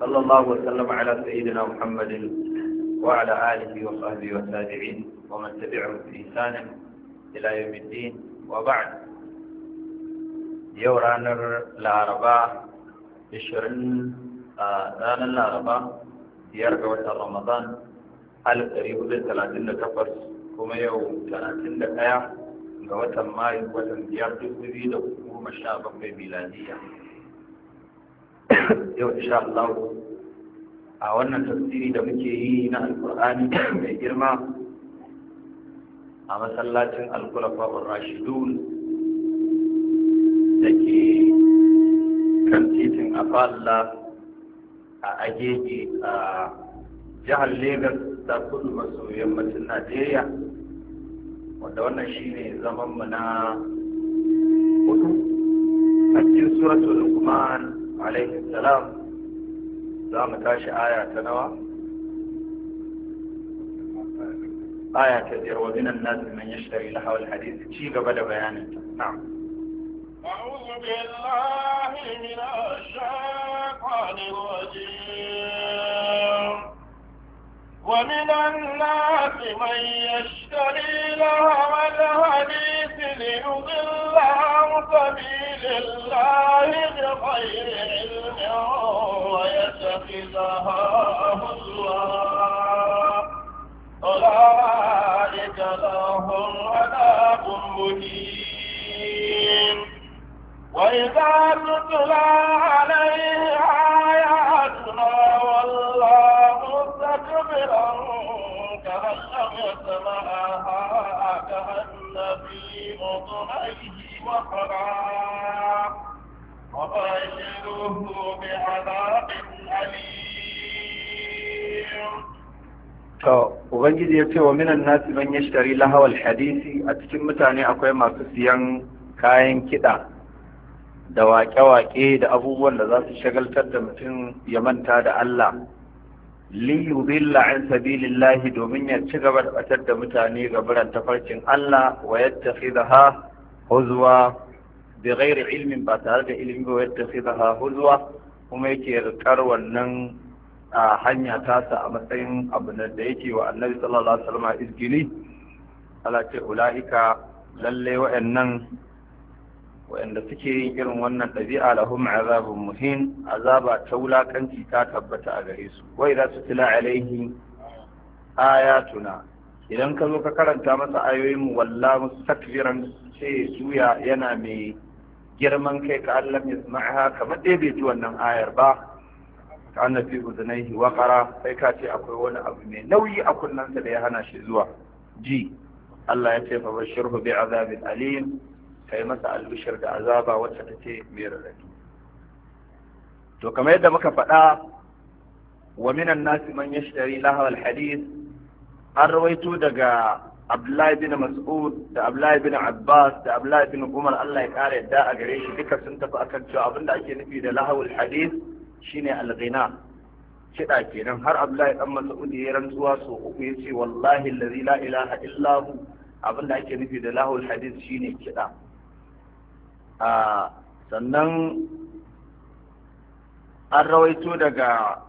صلى الله وسلم على سيدنا محمد وعلى آله وصحبه والتابعين ومن تبعهم بإحسان إلى يوم الدين وبعد يوم العرباء عشرين ranar laraba biyar ga watan ramadan alif ɗari hudu talatin da takwas kuma yau talatin da ɗaya ga watan mayu watan biyar duk da goma sha bakwai miladiya yau insha Allah a wannan tafsiri da muke yi na alkur'ani mai girma a masallacin alkulafa'ur rashidun da ke kan titin afalla a agege a jihar Legas da kudu maso yammacin najeriya wanda wannan shine zamanmu na hudu a cikin suratul kuma. عليه السلام زام تاشي آية تنوى آية كثيرة ومن الناس من يشتري لها والحديث شيء قبل بيانه نعم أعوذ بالله من الشيطان الرجيم ومن الناس من يشتري لها والحديث ليضلها عن الله بغير علم ويتخذها هزوا أولئك لهم عذاب مهين وإذا تتلى عليه آياتنا والله مستكبرا كأن لم يسمعها كأن في أذنيه وقرا to ubangiji ya ce wa minan nasi man yashtari lahawal hadisi a cikin mutane akwai masu siyan kayan kiɗa da waƙe-waƙe da abubuwan da za su shagaltar da mutum ya manta da Allah li yudilla an sabilillahi domin ya ci gaba da batar da mutane ga buran tafarkin Allah wa yattakhidha huzwa bi ghairi ilmin ba tare da ilmi ba yattakhidha huzwa kuma yake rikar wannan a hanya ta tasa a matsayin abu da yake wa annabi sallallahu alaihi wasallam izgili ala ce ulaika lalle wa'annan wa'anda suke yin irin wannan ɗabi'a lahum azabun muhin azaba ta wulakanci ta tabbata a gare su wa idza tutla alaihi ayatuna idan ka zo ka karanta masa ayoyin walla mustakbiran sai juya yana mai girman kai ka Allah ya sama'a kamar dai bai ji wannan ayar ba ka annabi uzunaihi waqara sai ka ce akwai wani abu mai nauyi a kunnansa da ya hana shi zuwa ji Allah ya ce fa bashirhu bi azabin alim kai masa albishir da azaba wacce take mai radadi to kamar yadda muka faɗa wa minan nasi man yashtari lahu alhadith an rawaito daga Abdullahi bin Mas'ud da Abdullahi bin Abbas da Abdullahi bin Umar Allah ya kare yadda a gare shi duka sun tafi akan cewa abinda ake nufi da lahawul hadith shine al kiɗa kenan har Abdullahi dan Mas'ud ya rantsuwa so uku yace wallahi allazi la ilaha illa hu abinda ake nufi da lahul hadith shine kiɗa a sannan an rawaito daga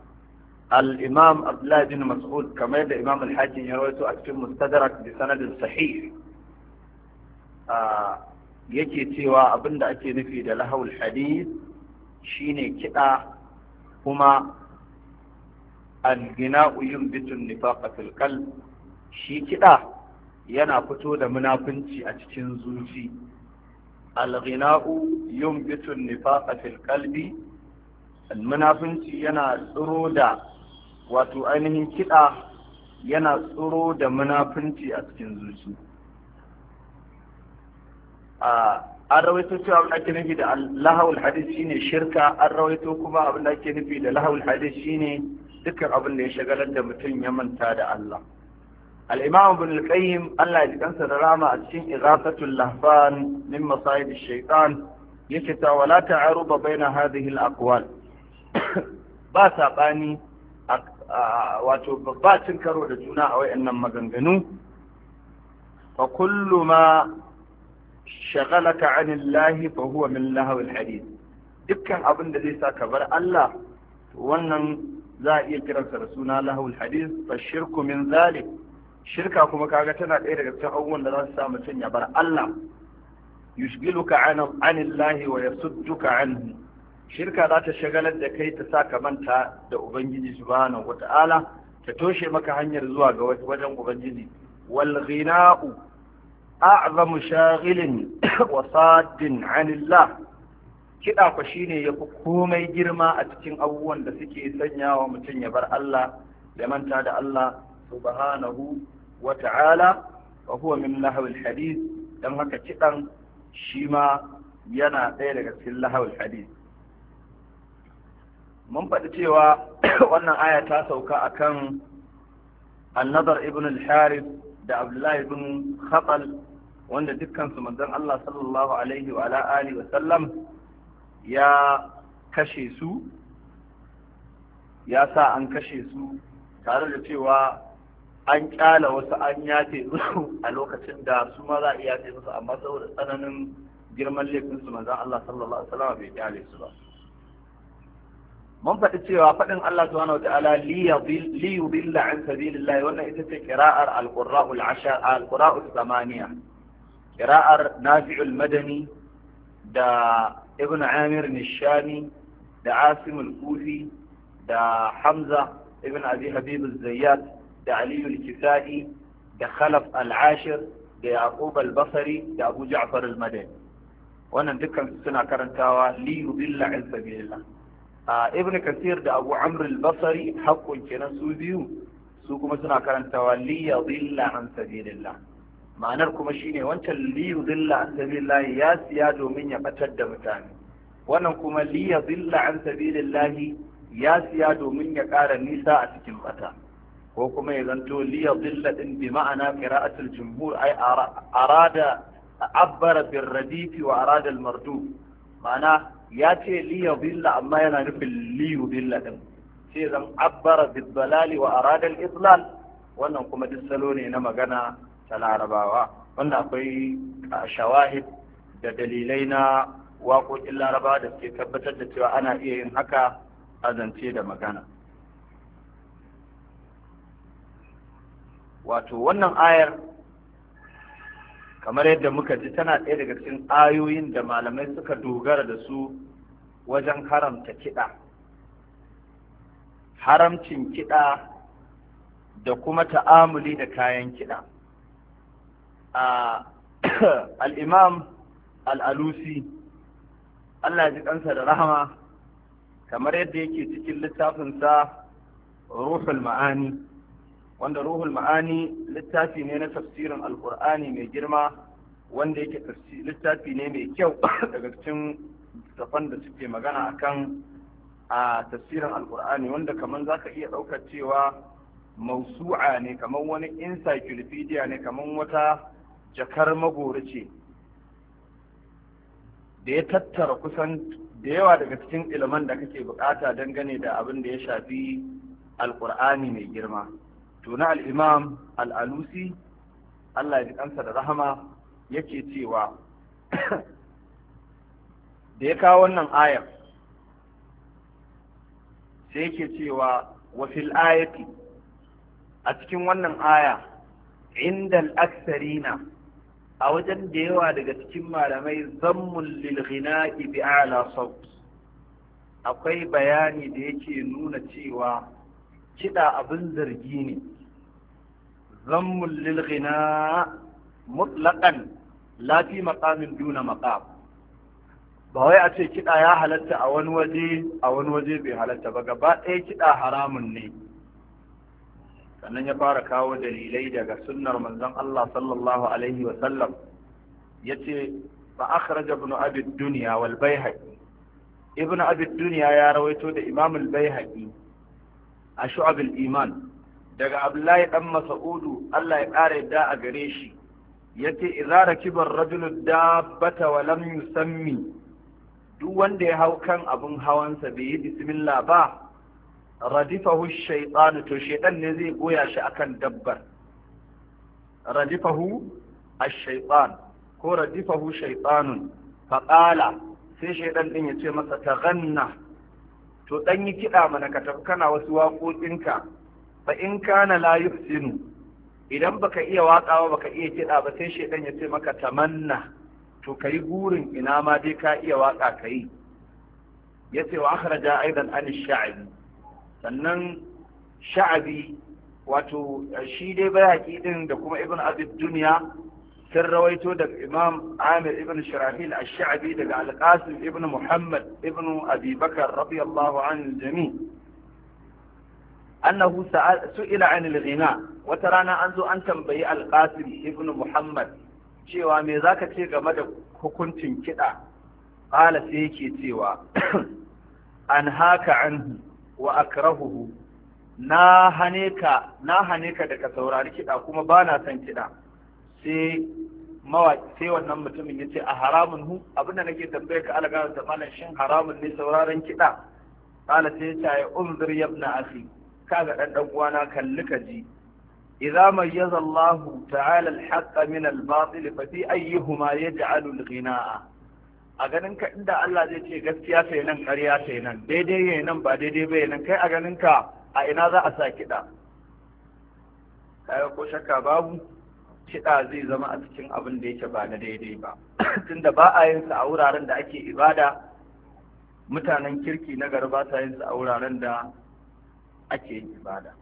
al-Imam abdullahi bin Mas'ud kamar da Imam al-Hakim ya rawaito a cikin Mustadrak bi sanadin sahih yake cewa abinda ake nufi da lahul hadith shine kiɗa kuma algina uyun bitun nifaqa qalb shi kiɗa yana fito da munafunci a cikin zuci alghina'u yumbitun nifaqa fil qalbi almunafunci yana tsiro da wato ainihin kiɗa yana tsiro da munafunci a cikin zuci a an rawaito cewa abin da ake nufi da lahawul hadis shine shirka an rawaito kuma abin da ake nufi da lahawul hadis shine dukkan abin da ya shagalar da mutum ya manta da Allah al-imam ibn al-qayyim Allah ya jikansa da rama a cikin ighathatul lahfan min masayid ash-shaytan yake ta wala ta'aruba baina hadhihi al-aqwal ba sabani wato ba cin karo da juna a wayannan maganganu fa kullu ma shagalaka anillahi fa huwa min lahawil hadith dukkan abin da zai sa ka bar Allah wannan za a iya kiransa da suna lahawul hadith fa shirku min zalik shirka kuma kaga tana ɗaya daga cikin abubuwan da za su sa mutum ya bar Allah yushgiluka lahi wa yasudduka anhu shirka za ta shagalar da kai ta sa ka manta da ubangiji subhanahu wata'ala ta toshe maka hanyar zuwa ga wajen ubangiji wal ghina'u a'zamu shaghilin wa saddin anillah kiɗa ku shine ya fi komai girma a cikin abubuwan da suke sanya wa mutum ya bar Allah da manta da Allah subhanahu wa ta'ala wa huwa min lahawil hadith dan haka kiɗan shi ma yana ɗaya daga cikin lahawil hadith mun faɗi cewa wannan aya ta sauka akan annadar ibn al-harith da abdullahi bin khatal wanda dukkansu manzon Allah sallallahu alaihi wa ala alihi wa sallam ya kashe su ya sa an kashe su tare da cewa an kyala wasu an yafe musu a lokacin da su ma za a yafe musu amma saboda tsananin girman laifin su manzon Allah sallallahu alaihi wa sallam bai kyale su ba mun faɗi cewa faɗin Allah subhanahu wataala li yudilla an sabilillah wannan ita ce kira'ar al-qurra'ul ashar al-qurra'ul samaniya qira'ar Nafi'ul Madani da Ibn Amir nishami da Asim al-Kufi da Hamza ibn Abi Habib zayyad da Ali al da Khalaf al'ashir da Yaqub al da Abu Ja'far al wannan dukkan suna karantawa li yudilla an a ibn kasir da abu amr al-basri hakkun kenan su biyu su kuma suna karantawa li yadilla an sabilillah ma'anar kuma shine wancan li yadilla an sabilillah ya siya domin ya batar da mutane wannan kuma li yadilla an sabilillah ya siya domin ya ƙara nisa a cikin bata ko kuma ya zanto li yadilla din bi ma'ana qira'atul jumhur ay arada abara bin radifi wa arada al-mardud ma'ana ya ce liya billa amma yana nufin liyu billa din sai zan abbara bidbalali wa aradal islam wannan kuma duk salo ne na magana ta larabawa wanda akwai shawahid da dalilai na waƙoƙin larabawa da suke tabbatar da cewa ana iya yin haka a zance da magana wato wannan ayar kamar yadda muka ji tana ɗaya daga cikin ayoyin da malamai suka dogara da su wajen haramta kiɗa haramcin kiɗa da kuma ta'amuli da kayan kiɗa a al'imam al'alusi Allah ji kansa da rahama kamar yadda yake cikin littafinsa ruhul ma'ani wanda ruhul ma'ani littafi ne na tafsirin alkur'ani mai girma wanda yake littafi ne mai kyau daga cikin tafan da suke magana akan a tafsirin alkur'ani wanda kamar za ka iya ɗaukar cewa mausu'a ne kamar wani encyclopedia ne kamar wata jakar magori ce da ya tattara kusan da yawa daga cikin iliman da kake bukata dangane da abin da ya shafi alkur'ani mai girma to na al-imam al-alusi Allah ya ji da rahama yake cewa da ya kawo wannan ayar sai yake cewa wa fil ayati a cikin wannan aya inda al na a wajen da yawa daga cikin malamai zammun lil ghina'i bi ala saut akwai bayani da yake nuna cewa kiɗa abin zargi ne zammun lil ghina mutlaqan la fi maqamin duna maqam ba wai a ce kiɗa ya halatta a wani waje a wani waje bai halatta ba gaba ɗaya kiɗa haramun ne sannan ya fara kawo dalilai daga sunnar manzon Allah sallallahu alaihi wa sallam ya ce yace fa akhraj ibn abid duniya wal baihaqi ibn abid duniya ya rawaito da imam al baihaqi a shu'ab al iman daga abdullahi dan mas'udu Allah ya ƙara yadda a gare shi yace idza rakiba ar-rajulu dabbata wa lam yusammi duk wanda ya hau kan abun hawansa bai yi bismillah ba radifahu shaytanu to shaytan ne zai goya shi akan dabbar radifahu ash-shaytan ko radifahu shaytanun qala sai shaytan din yace masa taganna to dan yi kida mana ka tafi kana wasu waƙoƙinka fa in kana la yuhsinu idan baka iya waka ba baka iya kiɗa ba sai shedan ya ce maka tamanna to kai gurin ina ma dai ka iya waka kai yace wa akhraja aidan an sha'bi sannan sha'bi wato shi dai bayaki din da kuma ibn abid dunya sun rawaito daga imam amir ibn shirahil a shabi daga al ibn muhammad ibn abi bakar radiyallahu anhu jami' annahu su'ila anil ghina wata rana an zo an tambayi alqasim ibnu muhammad cewa me zaka ce game da hukuncin kiɗa qala sai yake cewa an haka anhu wa akrahuhu na hane ka na saurari kiɗa kuma ba na son kiɗa sai wannan mutumin ya ce a haramun hu abinda nake tambaye ka alaga da malam shin haramun ne sauraron kiɗa qala sai ya ce ay unzir ya kaga dan dan uwana kalli ka ji idza mayyaza Allah ta'ala al haqq min al-batil fa fi ayyihuma yaj'alu al-ghina'a a ganin ka inda Allah zai ce gaskiya sai nan ƙarya sai nan daidai yayin nan ba daidai ba nan kai a ganin ka a ina za a sa kiɗa kaya ko shakka babu kiɗa zai zama a cikin abin da yake ba na daidai ba tunda ba a yin sa a wuraren da ake ibada mutanen kirki na garba ta sa yin sa a wuraren da ake yin ibada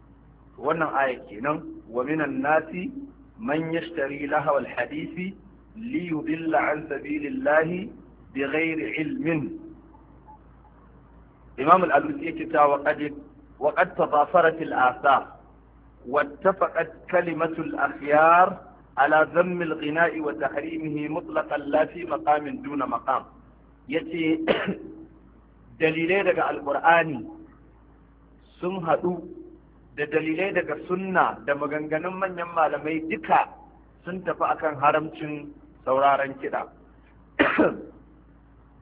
wannan aya kenan wa minan nasi man yashtari lahawal hadisi li yudilla an sabilillahi bighairi ilmin imam al-alusi yake ta wa qad wa qad tadafarat al-athar wattafaqat kalimatu al-akhyar ala dhamm al-ghina'i wa tahrimihi mutlaqan la fi maqamin duna maqam yace dalilai daga alqur'ani sun haɗu da dalilai daga sunna da maganganun manyan malamai duka sun tafi akan haramcin sauraron kiɗa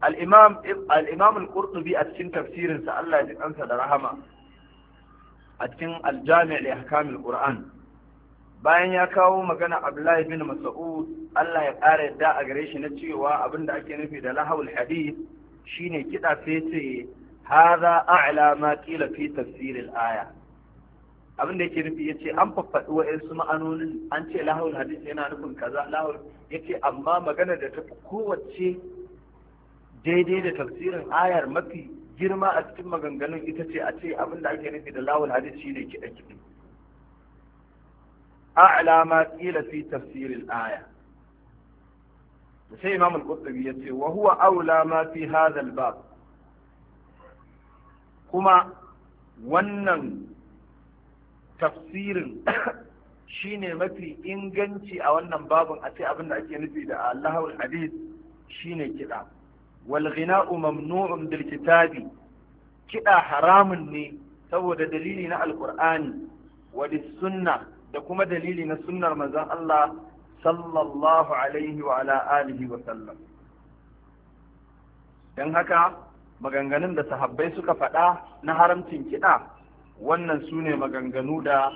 al'imam al a cikin tafsirinsa Allah ya ji da rahama a cikin aljami'a da hakamil qur'an bayan ya kawo magana abdullahi bin mas'ud Allah ya ƙara yadda a gare shi na cewa abin da ake nufi da lahawul hadith shine kiɗa sai هذا أعلى ما قيل fi تفسير الآية aya abin da yake nufi yace an faffaɗi wa'ansu ma'anonin an ce lahul hadisi yana nufin kaza ya yace amma magana da ta fi kowace daidai da tafsirin ayar mafi girma a cikin maganganun ita ce a ce abin da ake nufi da lahawul shi shine kiɗa kiɗi. a'la ma qila fi tafsirin aya sai imam al-qurtubi yace wa huwa aula ma fi hadha al-bab kuma wannan tafsirin shine mafi inganci a wannan babin a ce abin da ake nufi da Allahul Hadith shine kiɗa wal ghina'u mamnu'un bil kitabi kiɗa haramun ne saboda dalili na alkur'ani wa sunna da kuma dalili na sunnar manzon Allah sallallahu alaihi wa ala alihi wa sallam dan haka maganganun da sahabbai suka faɗa na haramcin kiɗa wannan su ne maganganu da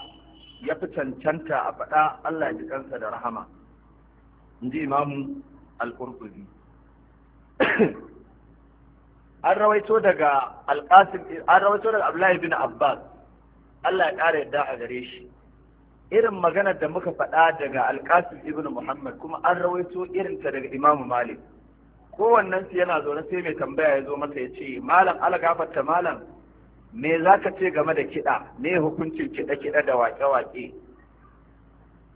ya fi cancanta a faɗa Allah ji kansa da rahama in ji imamu al-qurtubi an rawaito daga al-qasim an rawaito daga Abdullahi bin Abbas Allah ya ƙara yadda a gare shi irin maganar da muka faɗa daga al-qasim ibn Muhammad kuma an rawaito irinta daga imamu Malik kowannen su yana zaune sai mai tambaya ya zo masa ya ce malam ala gafarta malam me za ka ce game da kiɗa me hukuncin kiɗa-kiɗa da waƙe-waƙe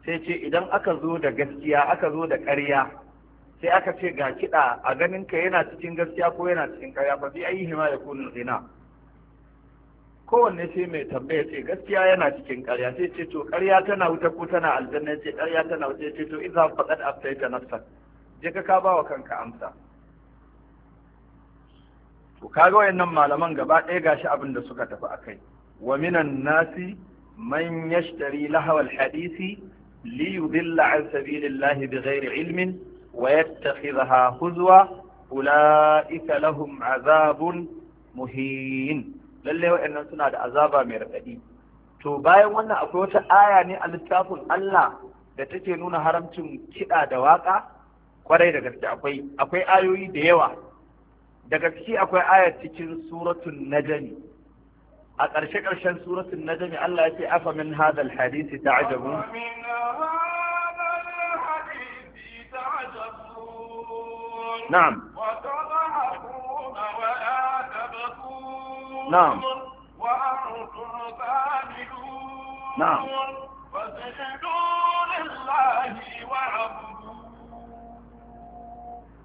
sai ce idan aka zo da gaskiya aka zo da ƙarya sai aka ce ga kiɗa a ganin ka yana cikin gaskiya ko yana cikin ƙarya ba bi ayi hima da kunin zina kowanne sai mai tambaya ce gaskiya yana cikin ƙarya sai ce to ƙarya tana wuta ko tana aljanna ce ƙarya tana wuta ce to idza faqad aftaita na je ka ka ba wa kanka amsa to kaga wayannan malaman gaba ɗaya gashi abin da suka tafi akai wa minan nasi man yashtari lahawal hadisi li yudilla an sabilillahi bighairi ilmin wa yattakhidha huzwa ulaika lahum azabun muhin lalle wayannan suna da azaba mai radadi to bayan wannan akwai wata aya ne a littafin Allah da take nuna haramcin kiɗa da waƙa kwarai da gaske akwai akwai ayoyi da yawa daga ciki akwai ayat cikin suratul najmi a ƙarshe ƙarshen suratul najmi Allah ya ce afa min hadha alhadith ta'jabu na'am na'am na'am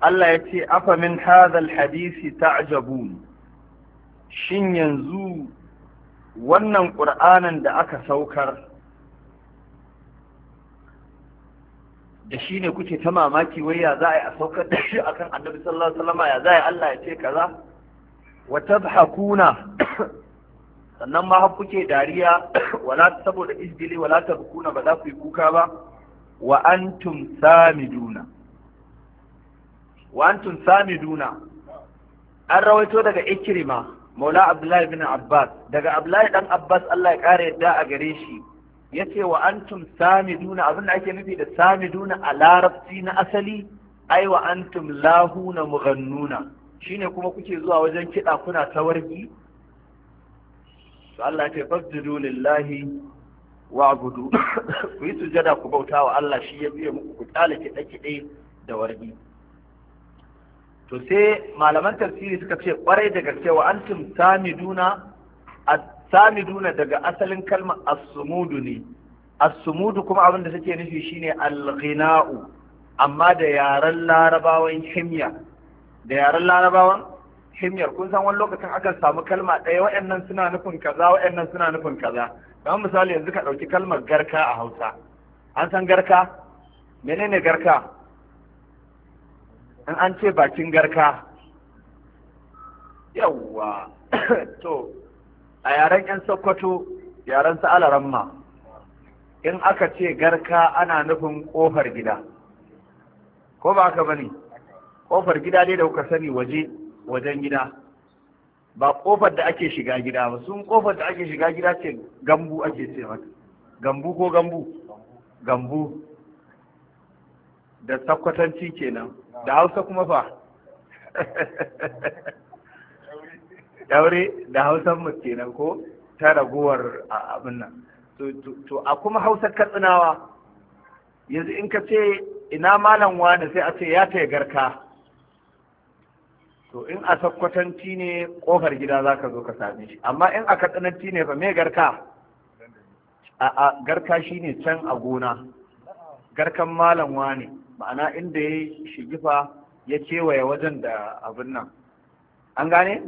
Allah ya ce afa min hadhal hadisi ta'jabun shin yanzu wannan ƙur'anin da aka saukar da shi ne kuke ta mamaki wai ya za a yi a saukar da shi akan annabi sallallahu alaihi wasallam ya za a yi Allah ya ce kaza wa tadhakuna sannan ma kuke dariya wala saboda isbili wala tabkuna ba za ku yi kuka ba wa antum samiduna wa antum samiduna an rawaito daga ikrima maula abdullahi bin abbas daga abdullahi dan abbas Allah ya kare yadda a gare shi yace wa antum samiduna abin ake nufi da samiduna a larabci na asali ai wa antum lahuna mughannuna shine kuma kuke zuwa wajen kiɗa kuna ta wargi to Allah ce fasjudu lillahi wa'budu ku yi sujada ku bauta wa Allah shi ya biya muku ku tsala kiɗe kiɗe da wargi to sai malaman tafsiri suka ce kwarai da gaske an antum samiduna daga asalin kalmar asumudu ne Asumudu kuma abin da take nufi shine al-ghina'u amma da yaren larabawan himya da yaren larabawan himyar kun san wani lokacin akan samu kalma ɗaya waɗannan suna nufin kaza waɗannan suna nufin kaza kamar misali yanzu ka ɗauki kalmar garka a hausa an san garka menene garka in an ce bakin garka yawwa to a yaren 'yan sokoto yaren sa'alaran alaramma in aka ce garka ana nufin ƙofar gida ko ba ka bane ƙofar gida dai da kuka sani waje wajen gida ba ƙofar da ake shiga gida ba sun ƙofar da ake shiga gida ce gambu ake ce maka gambu ko gambu gambu da sakwatanci kenan da hausa kuma fa daure da hausan mu kenan ko ta raguwar abin nan to a kuma hausa katsinawa yanzu in ka ce ina malam wani sai a ce ya taya garka to in a sakkwatanci ne kofar gida za ka zo ka same shi amma in a katsinanci ne fa me garka a garka shine can a gona garkan malam wani ma'ana inda ya shigifa ya kewaye wajen da abin nan an gane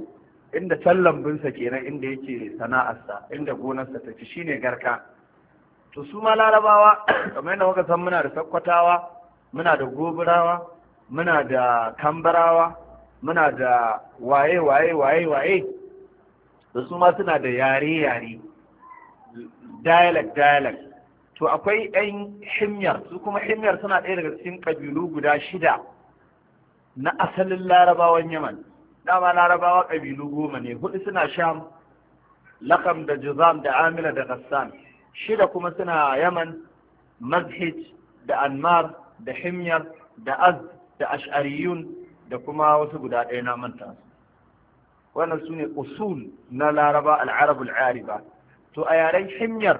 inda can lambinsa kenan inda yake sana'arsa inda gonarsa ta shi shine garka to su ma larabawa kamar yadda muka san muna da sakkwatawa muna da goburawa muna da kambarawa muna da waye waye waye waye da su ma suna da yare yare dialect dialect to akwai 'yan himyar su kuma himyar suna ɗaya daga cikin ƙabilu guda shida na asalin larabawan yaman dama larabawa ƙabilu goma ne hudu suna sham lakam da juzam da amila da ghassan shida kuma suna yaman mazhij da anmar da himyar da az da ash'ariyun da kuma wasu guda ɗaya na manta wannan su ne usul na laraba al'arabul ariba to a yaren himyar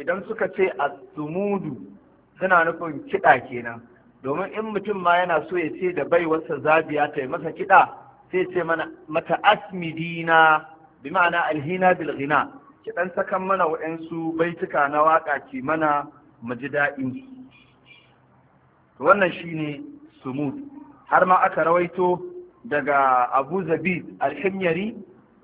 idan suka ce a sumudu suna nufin kiɗa kenan domin in mutum ma yana so ya ce da baiwarsa zabiya ta yi masa kiɗa sai ce mata asmidina bi ma'ana alhina bil Kiɗan ki sakan mana waɗansu baituka na waƙa ki mana mu ji daɗin to wannan shine sumud har ma aka rawaito daga Abu Zabid al-Himyari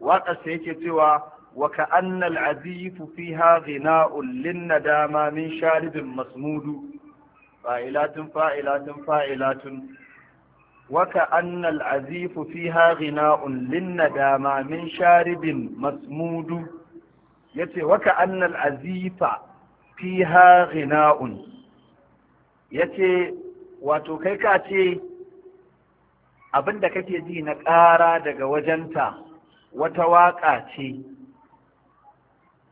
waƙarsa yake cewa وكأن العزيف فيها غناء للندامى من شارب مسمود فائلات فائلات فائلات وكأن العزيف فيها غناء للندامى من شارب مسمود يتي وكأن العزيف فيها غناء يتي وتكيكاتي abin da kake ji na ƙara daga wajenta wata waƙa ce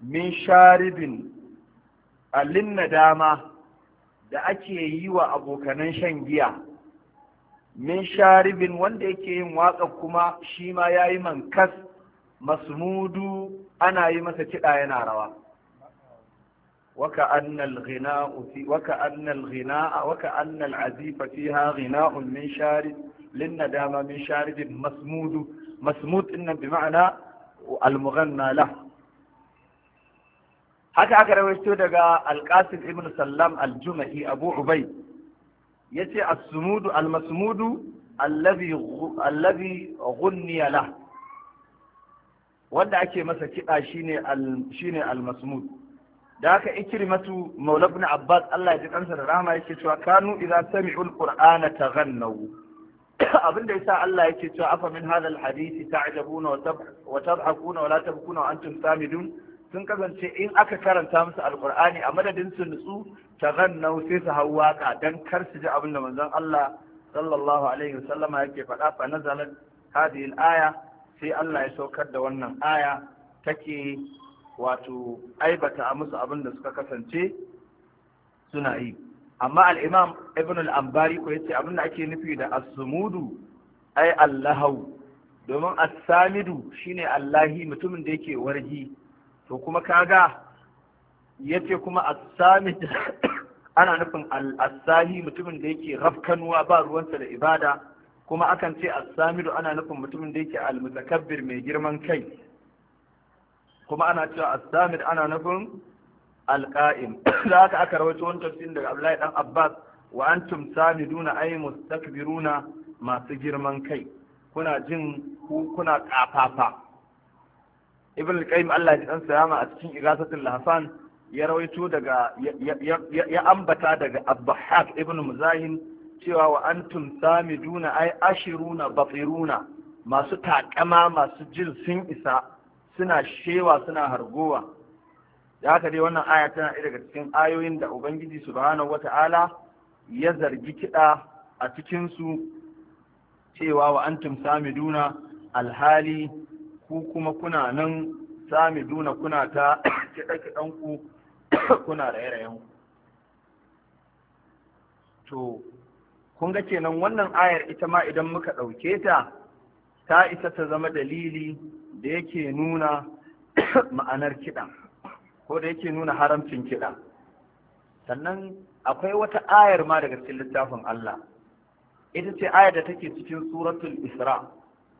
min sharibin alin nadama da ake yi wa abokanan shan giya min sharibin wanda yake yin waka kuma shi ma ya yi mankas masmudu ana yi masa kiɗa yana rawa waka annal ghina fi waka annal ghina waka azifa fiha ghina'un min sharib lin nadama min sharibin masmudu masmud inna bi ma'ana al mughanna lahu haka aka rawaito daga alkasir ibn sallam aljuma'i jumahi abu ubay yace as-sumudu al-masmudu allazi la wanda ake masa kiɗa shine al masmud da haka ikrimatu maula abbas Allah ya ji kansa da rahama yake cewa kanu idza sami'u al-qur'ana taghannaw abinda yasa Allah yake cewa afa min hadha al-hadisi ta'jabuna wa tadhakuna wa la tabkuna wa antum samidun sun kasance in aka karanta musu alkur'ani a madadin su nutsu ta gannau sai su hau waka don kar su ji abin da manzon Allah sallallahu alaihi wasallama yake faɗa fa nazalat hadhihi al-aya sai Allah ya saukar da wannan aya take wato aibata a musu abin da suka kasance suna yi amma al-imam ibn al-ambari ko yace abin da ake nufi da as-sumudu ai allahu domin as-samidu shine allahi mutumin da yake wargi to kuma kaga yace kuma as-samit ana nufin al-asahi mutumin da yake rafkanuwa ba ruwansa da ibada kuma akan ce as ana nufin mutumin da yake al-mutakabbir mai girman kai kuma ana cewa as ana nufin al-qa'im da haka aka rawaito wani tafsirin daga Abdullahi dan Abbas wa antum samiduna ay mustakbiruna masu girman kai kuna jin kukuna kuna kafafa ibn al-qayyim Allah ya dan Salama a cikin igasatul lahfan ya rawaito daga ya ambata daga abbahak ibn muzahin cewa wa antum samiduna ay ashiruna batiruna masu takama masu jin sun isa suna shewa suna hargowa da haka dai wannan aya tana daga cikin ayoyin da ubangiji subhanahu wata'ala ya zargi kiɗa a cikinsu cewa wa antum samiduna alhali ku kuma kuna nan sami duna kuna ta kiɗa-kiɗanku kuna raye-rayenku to kun ga kenan wannan ayar ita ma idan muka ɗauke ta ta isa ta zama dalili da yake nuna ma'anar kiɗa ko da yake nuna haramcin kiɗa sannan akwai wata ayar ma daga cikin littafin Allah ita ce ayar da take cikin suratul isra'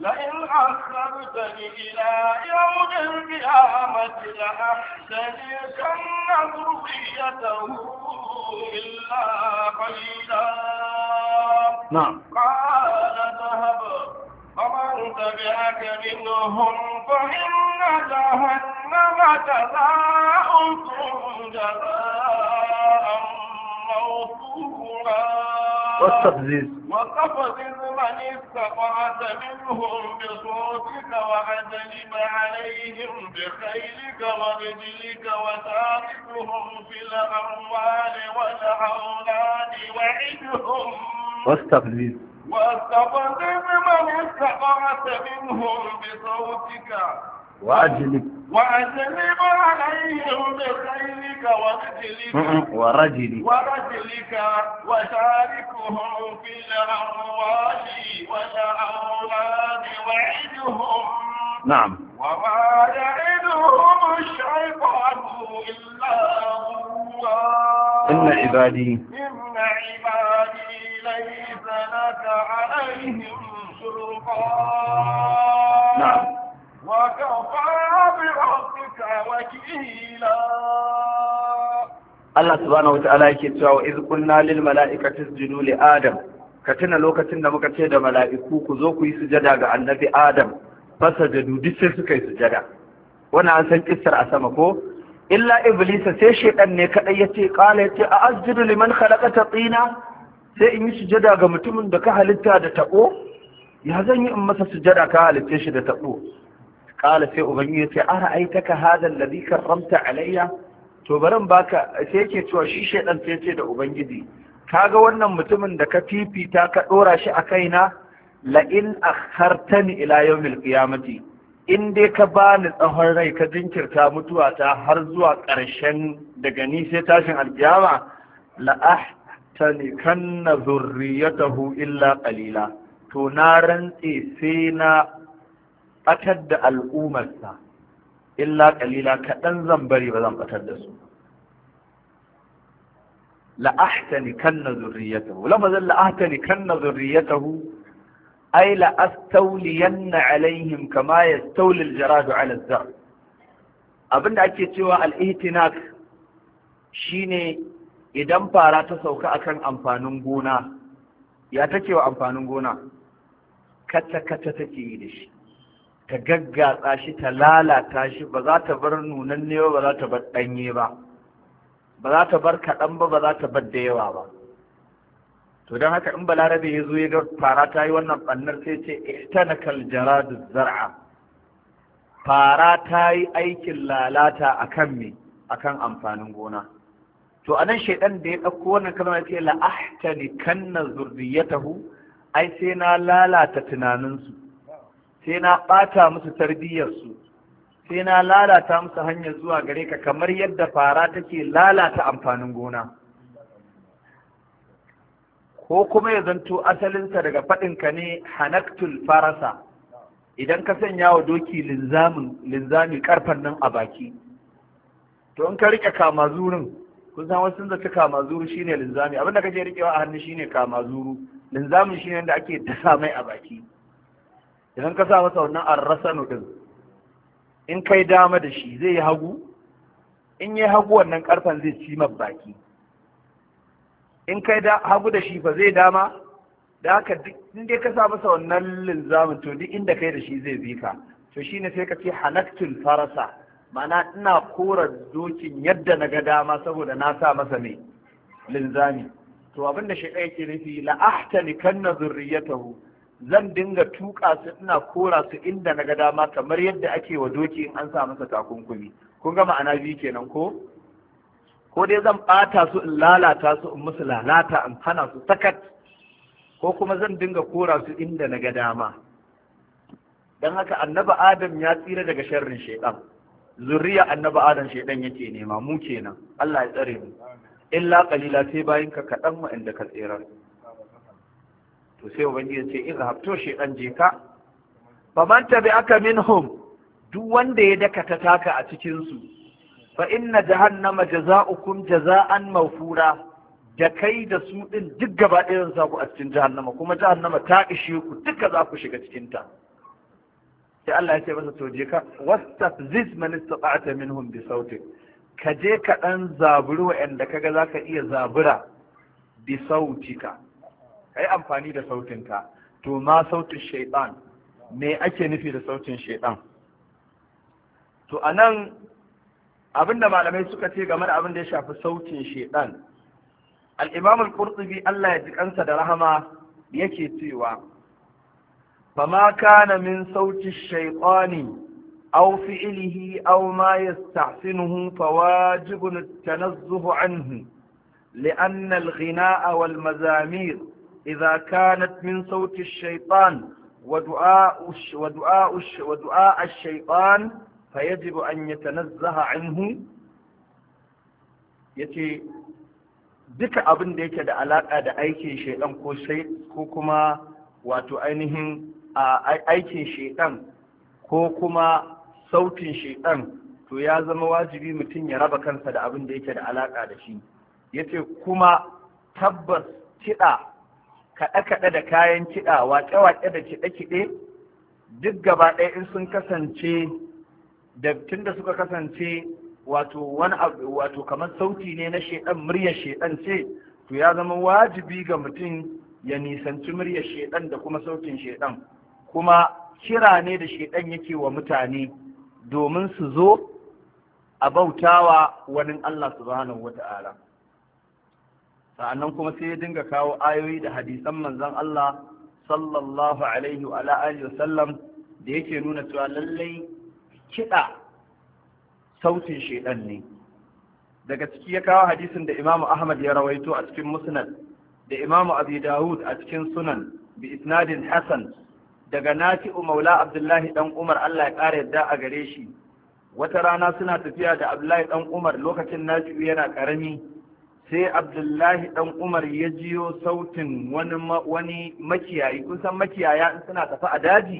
لئن أخرتني إلى يوم القيامة لأحتنكن ذريته إلا قليلا نعم قال ذهب فمن تبعك منهم فإن جهنم جزاؤكم جزاء موفورا والتقزيز والتقزيز من استطعت منهم بصوتك وأجلب عليهم بخيلك ورجلك وتاركهم في الأموال والأولاد وعدهم واستقلل واستقلل من استطعت منهم بصوتك وأجلب وأجلب عليهم بخيلك واجلب ورجلك ورجلك وشاركهم في الأموال والأولاد وعدهم نعم وما يعدهم الشيطان إلا هو إن عبادي إن عبادي ليس لك عليهم سلطان نعم Allah subhanahu wa ta'ala yake cewa wa iz kunna lil mala'ikati isjudu li adam ka tuna lokacin da muka ce da mala'iku ku zo ku yi sujada ga annabi adam da duk sai suka yi sujada wannan an san kissar a sama ko illa iblisa sai shedan ne kadai yace qala yace a asjudu liman khalaqata tina sai in yi sujada ga mutumin da ka halitta da tabo ya zan yi in masa sujada ka halitta shi da taɓo? kala sai ubangiji ya ce ara aitaka hadha alladhi karramta alayya to barin baka sai yake cewa shi shedan sai da ubangiji kaga wannan mutumin da ka fifita ka dora shi a kaina la in akhartani ila yawmil qiyamati in dai ka bani tsawon rai ka jinkirta mutuwa ta har zuwa ƙarshen daga ni sai tashin alkiyama la ya zurriyatahu illa qalila to na rantse sai na batar da al'ummarsa illa ƙalila kaɗan zan bari ba zan batar da su la'ahtani kanna zurriyatahu lafazin la'ahtani kanna zurriyatahu ai la'astawliyanna alaihim kama ya al-jaradu ala az-zar abinda ake cewa al-ihtinak shine idan fara ta sauka akan amfanin gona ya take wa amfanin gona kata kata take yi da shi ta gaggatsa shi ta lalata shi ba za ta bar nunanne ba ba za ta bar ɗanye ba ba za ta bar kaɗan ba ba za ta bar da yawa ba to don haka in balarabe ya zo ya ga fara ta yi wannan ɓannar sai ce ihtanakal jaradu zar'a fara ta yi aikin lalata akan me akan amfanin gona to anan shaidan da ya ɗauko wannan kalmar ce la ahtani kanna zurriyatahu ai sai na lalata tunaninsu sai na ɓata musu tarbiyyarsu sai na lalata musu hanyar zuwa gare ka kamar yadda fara take lalata amfanin gona ko kuma ya zanto asalinsa daga faɗinka ne hanaktul farasa idan ka sanya wa doki linzami ƙarfan nan a baki to in ka riƙe kama zurin kun wasu sun zata kama zuru shine linzami abinda kake riƙewa a hannu shine kama zuru linzamin shine da ake dasa mai a baki idan ka sa masa wannan arrasanu din in kai dama da shi zai yi hagu in yi hagu wannan karfan zai ci baki in kai hagu da shi fa zai dama da haka duk in dai ka sa masa wannan linzamin to duk inda kai da shi zai bi ka to shine sai ka ce halaktul farasa ma'ana ina kora dokin yadda na ga dama saboda na sa masa mai linzami to abinda shi yake nufi la ahtani kanna zurriyatahu zan dinga tuka su ina kora su inda na ga dama kamar yadda ake wa doki in an sa masa takunkumi kun ga ma'ana biyu kenan ko ko dai zan ɓata su in lalata su in musu lalata in hana su sakat ko kuma zan dinga kora su inda na ga dama dan haka annabi adam ya tsira daga sharrin shaidan zuriya annabi adam shaidan yake nema mu kenan Allah ya tsare mu illa qalila sai bayin ka kaɗan ma inda ka tsira to sai ubangiji ce in hafto shi dan je ka faman aka minhum duk wanda ya dakata taka a cikin su fa inna jahannama jaza'ukum jaza'an mawfura da kai da su din duk gaba ɗayan za ku a cikin jahannama kuma jahannama ta ishe ku duka za ku shiga cikin ta sai Allah ya ce masa to je ka zis man istata'ta minhum bi sautik ka je ka dan zaburi wa'anda kaga zaka iya zabura bi sautika ka yi amfani da sautinka to ma sautin shaiɗan me ake nufi da sautin shaiɗan to a nan abinda malamai suka ce game da abin da ya shafi sautin shaiɗan al'imam al Allah ya ji kansa da rahama yake cewa ma kana min sauti shaiɗani أو فعله أو ما يستحسنه فواجب التنزه al-ghina'a wal mazamir إذا كانت من صوت الشيطان ودعاء ودعاء ودعاء الشيطان فيجب أن يتنزه عنه yace duka abin da yake da alaƙa da aikin shaiɗan ko sai ko kuma wato ainihin aikin shaiɗan ko kuma sautin shaiɗan, to ya zama wajibi mutum ya raba kansa da abin da yake da alaƙa da shi yace kuma tabbas kiɗa kaɗe-kaɗe da kayan kiɗa waƙe-waƙe da kiɗe-kiɗe duk gaba ɗaya in sun kasance da tun da suka kasance wato wani wato kamar sauti ne na shedan murya shedan ce to ya zama wajibi ga mutum ya nisanci murya shedan da kuma sautin shedan kuma kira ne da shedan yake wa mutane domin su zo a bautawa wani Allah subhanahu wata'ala sa'annan kuma sai ya dinga kawo ayoyi da hadisan manzon Allah sallallahu alaihi wa alihi wa sallam da yake nuna cewa lallai kiɗa sautin shedan ne daga ciki ya kawo hadisin da Imam Ahmad ya rawaito a cikin Musnad da Imam Abi Dawud a cikin Sunan bi isnadin Hasan daga Nafi'u Maula Abdullahi dan Umar Allah ya ƙara yadda a gare shi wata rana suna tafiya da Abdullahi dan Umar lokacin Nafi'u yana ƙarami sai abdullahi dan umar ya jiyo sautin wani wani makiyayi kun makiyaya in suna tafi a daji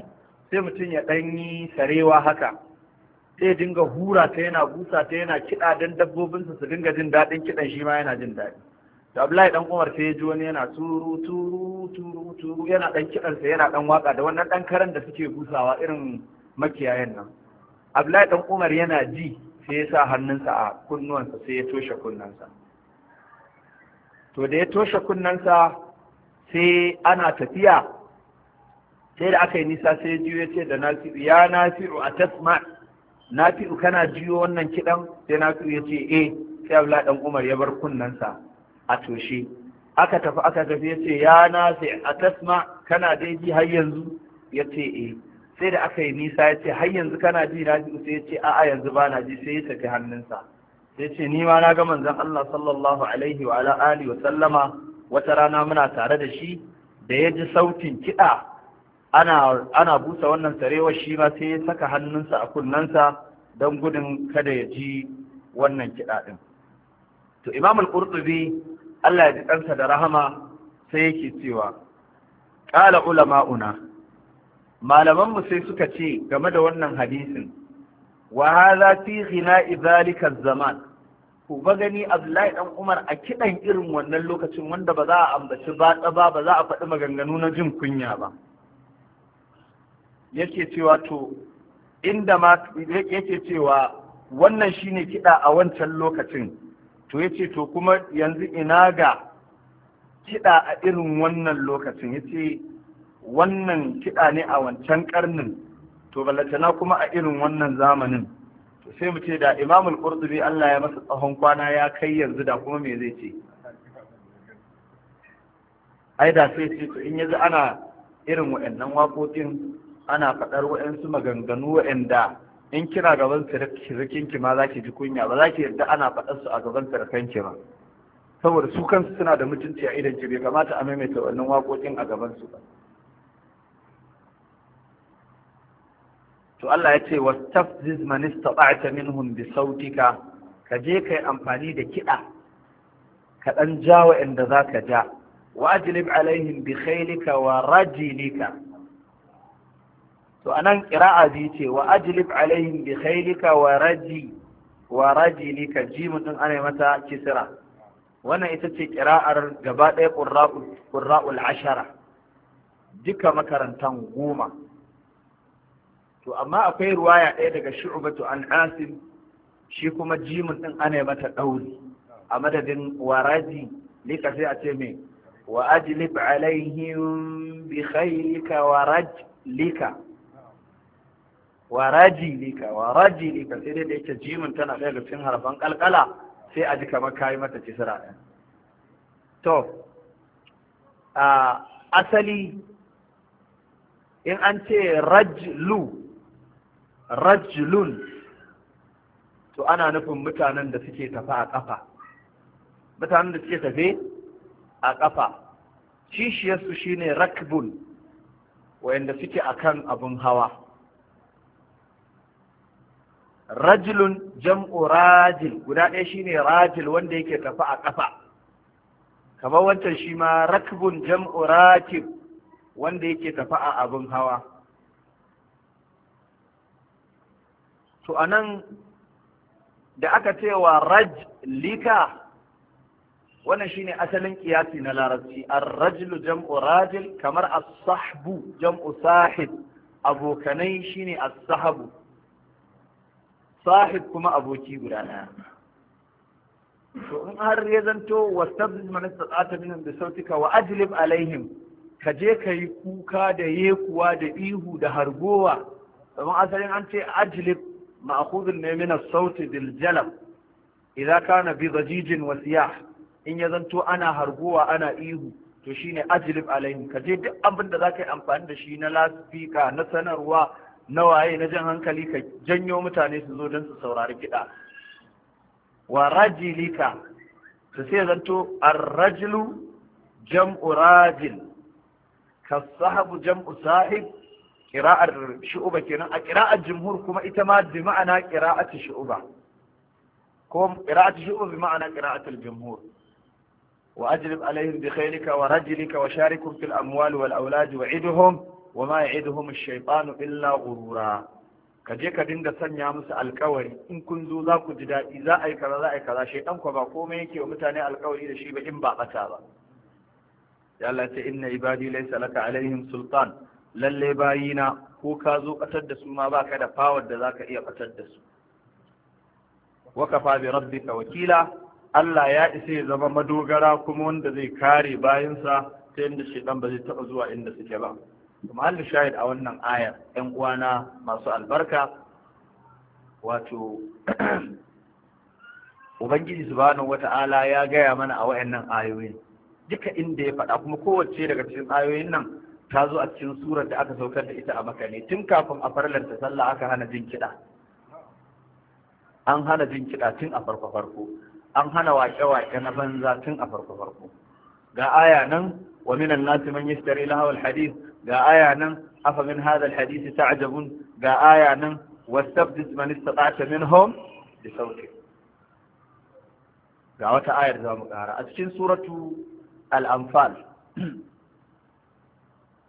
sai mutum ya dan yi sarewa haka sai dinga hura ta yana gusa, ta yana kiɗa don dabbobinsa su dinga jin daɗin kiɗan shi ma yana jin daɗi To abdullahi dan umar sai ya ji wani yana turu turu turu turu yana dan kiɗansa yana dan waka da wannan dan karan da suke gusawa irin makiyayan nan abdullahi dan umar yana ji sai ya sa hannunsa a kunnuwansa sai ya toshe kunnensa to da ya toshe kunnensa sai ana tafiya sai da aka yi nisa sai ya juyo ce da nafi'u ya nafi'u a tasma nafi'u kana juyo wannan kiɗan sai nafi'u ya ce eh sai abla dan umar ya bar kunnensa a toshe aka tafi aka tafi ya ce ya nafi a tasma kana dai ji har yanzu ya ce eh sai da aka yi nisa ya ce har yanzu kana ji na sai ya ce a'a yanzu ba na ji sai ya tafi hannunsa sai ce ni ma na ga manzon Allah sallallahu alaihi wa ala alihi wa sallama wata rana muna tare da shi da ya ji sautin kiɗa ana ana busa wannan sarewar shi ma sai ya saka hannunsa a kunnensa don gudun kada ya ji wannan kiɗa ɗin to imam al-qurtubi Allah ya ji kansa da rahama sai yake cewa qala ulama'una malaman mu sai suka ce game da wannan hadisin wa hadha fi ghina'i zalika zaman ku ba gani abdullahi dan umar a kidan irin wannan lokacin wanda ba za a ambaci ba ba ba za a faɗi maganganu na jin kunya ba yake cewa to inda ma yake cewa wannan shine kiɗa a wancan lokacin to yace to kuma yanzu ina ga kiɗa a irin wannan lokacin yace wannan kiɗa ne a wancan karnin to na kuma a irin wannan zamanin sai mu ce da imamul qurtubi Allah ya masa tsahon kwana ya kai yanzu da kuma me zai ce ai da sai ce to in yanzu ana irin wa'annan waƙoƙin ana faɗar wa'ansu maganganu wa'anda. in kira gaban sirikinki ma za ki ji kunya ba za ki yarda ana faɗar su a gaban kanki ba saboda su kansu suna da mutunci a idan ki bai kamata a maimaita wannan waƙoƙin a gaban su ba to Allah ya ce wastafziz man istata'ta minhum bi sautika ka je kai amfani da kiɗa ka dan ja wa'anda zaka ja wa ajlib alaihim bi khailika wa rajilika to anan qira'a bi ce wa ajlib alaihim bi khailika wa raji wa rajilika jimin din ana mata kisra wannan ita ce qira'ar gaba ɗaya qurra'ul ashara duka makarantan goma to amma akwai ruwaya ɗaya daga shu'batu an asim shi kuma jimin ɗin ana mata ɗauri a madadin waraji lika sai a ce mai wa ajlib alaihim bi khaylika waraj lika waraji lika waraji lika sai dai da yake jimin tana ɗaya da cikin harfan kalkala sai a ji kamar kayi mata kisra ɗin to a asali in an ce rajlu rajulun to ana nufin mutanen da suke tafa a ƙafa mutanen da suke tafe a ƙafa kishiyarsu shine rakbun wayanda suke akan abun hawa rajulun jam'u rajil guda ɗaya shine rajil wanda yake tafa a ƙafa kamar wancan shi ma rakbun jam'u rakib wanda yake tafa a abun hawa to anan da aka cewa raj lika wannan shine asalin kiyasi na larabci ar-rajlu jam'u rajil kamar as-sahbu jam'u sahib abokanai shine as-sahabu sahib kuma aboki guda ɗaya to in har ya zanto wastabdil man tsata minhum bi sautika wa ajlib alaihim ka je ka yi kuka da yekuwa da ihu da hargowa domin asalin an ce ajlib ma'khudun ne min sauti sawt bil jalab idza kana bi dajijin in ya zanto ana harguwa ana ihu to shine ajlib alaihim ka je duk abin da zaka yi amfani da shi na lasfika na sanarwa na waye na jan hankali ka janyo mutane su zo don su saurari kiɗa wa rajilika su sai zanto arrajlu jam'u rajil ka sahabu jam'u sahib Kira'ar shu'uba kenan a qira'ar jumhur kuma ita ma bi ma'ana qira'atu shu'uba ko qira'atu shu'uba bi ma'ana qira'atul jumhur wa ajlib alaihim bi khaylika wa rajlika wa sharikum fil amwal wal aulad wa idhum wa ma ya'iduhum ash-shaytanu illa ghurura ka je ka dinga sanya musu alkawari in kun zo za ku ji daɗi za a yi kaza za a yi kaza shaidan ba komai yake wa mutane alkawari da shi ba in ba ɓata ba ya Allah ta inna ibadi laysa laka alaihim sultan lalle bayina ko ka zo ƙasar da su ma ba ka da fawar da za ka iya ƙasar da su wakafa bi rabbika wakila Allah ya isa ya zama madogara kuma wanda zai kare bayansa ta yadda shaidan ba zai taɓa zuwa inda suke ba mahallin shahid a wannan ayar ‘yan uwana masu albarka wato ubangiji subhanahu wata'ala ya gaya mana a wayannan ayoyin duka inda ya faɗa kuma kowace daga cikin ayoyin nan ta zo a cikin surar da aka saukar da ita a maka ne tun kafin a farlanta sallah aka hana jin kiɗa an hana jin kiɗa tun a farko farko an hana waƙe-waƙe na banza tun a farko farko ga aya nan wa minan nasi man yashtari lahu al-hadith ga aya nan afa min hadha al-hadith ta'jabun ga aya nan wastabdis man istata'ta minhum bi sawti ga wata ayar za mu ƙara a cikin suratu al-anfal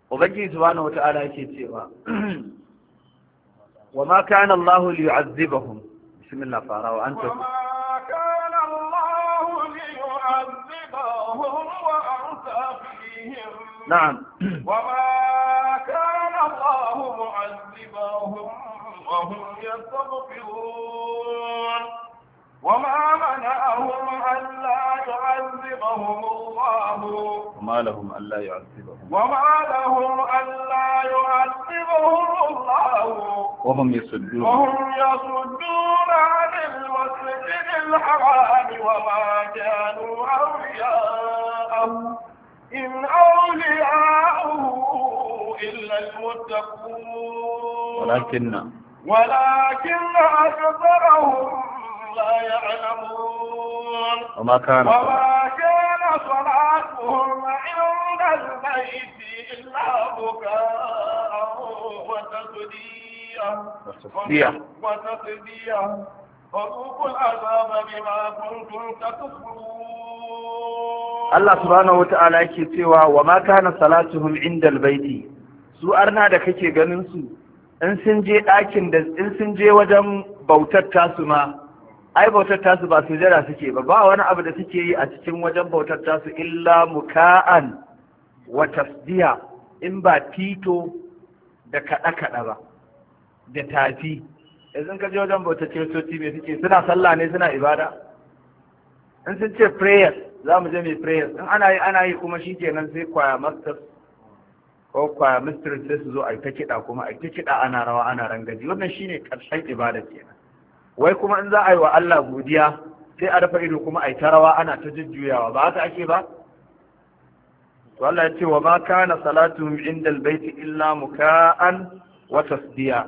وبجي سبحانه وتعالى يتسيئوا وما كان الله ليعذبهم بسم الله فارا وأنت وما كان الله ليعذبهم وأنت فيهم نعم وما كان الله معذبهم وهم يستغفرون وما منعهم ألا يعذبهم الله وما لهم ألا يعذبهم وما لهم ألا يعذبهم الله وهم يصدون وهم يصدون عن المسجد الحرام وما كانوا أولياءه إن أولياءه إلا المتقون ولكن ولكن أكثرهم وما كان صلاتهم عند البيت إلا بكاء وتصدية وتصدية فذوقوا العذاب بما كنتم تكفرون الله سبحانه وتعالى يكي cewa وما كان صلاتهم عند البيت baiti su arna da kake ganin su in sun je ɗakin da in sun je wajen bautar tasu ma ai bautar tasu ba sujada suke ba ba wani abu da suke yi a cikin wajen bautar tasu illa muka'an wa tasdiya in ba tito da kada kada ba da tafi yanzu ka je wajen bautar kiristoci me suke suna sallah ne suna ibada in sun ce prayer za mu je mai prayer in ana yi ana yi kuma shi kenan sai kwaya master ko kwaya mistress sai su zo a ta kiɗa kuma a ta kiɗa ana rawa ana rangaji wannan shine ƙarshen ibada kenan wai kuma in za a yi wa Allah godiya sai a dafa ido kuma a yi tarawa ana ta jujjuyawa ba haka ake ba to Allah ya ce wa ma kana salatuhum inda baiti illa muka'an wa tasdiya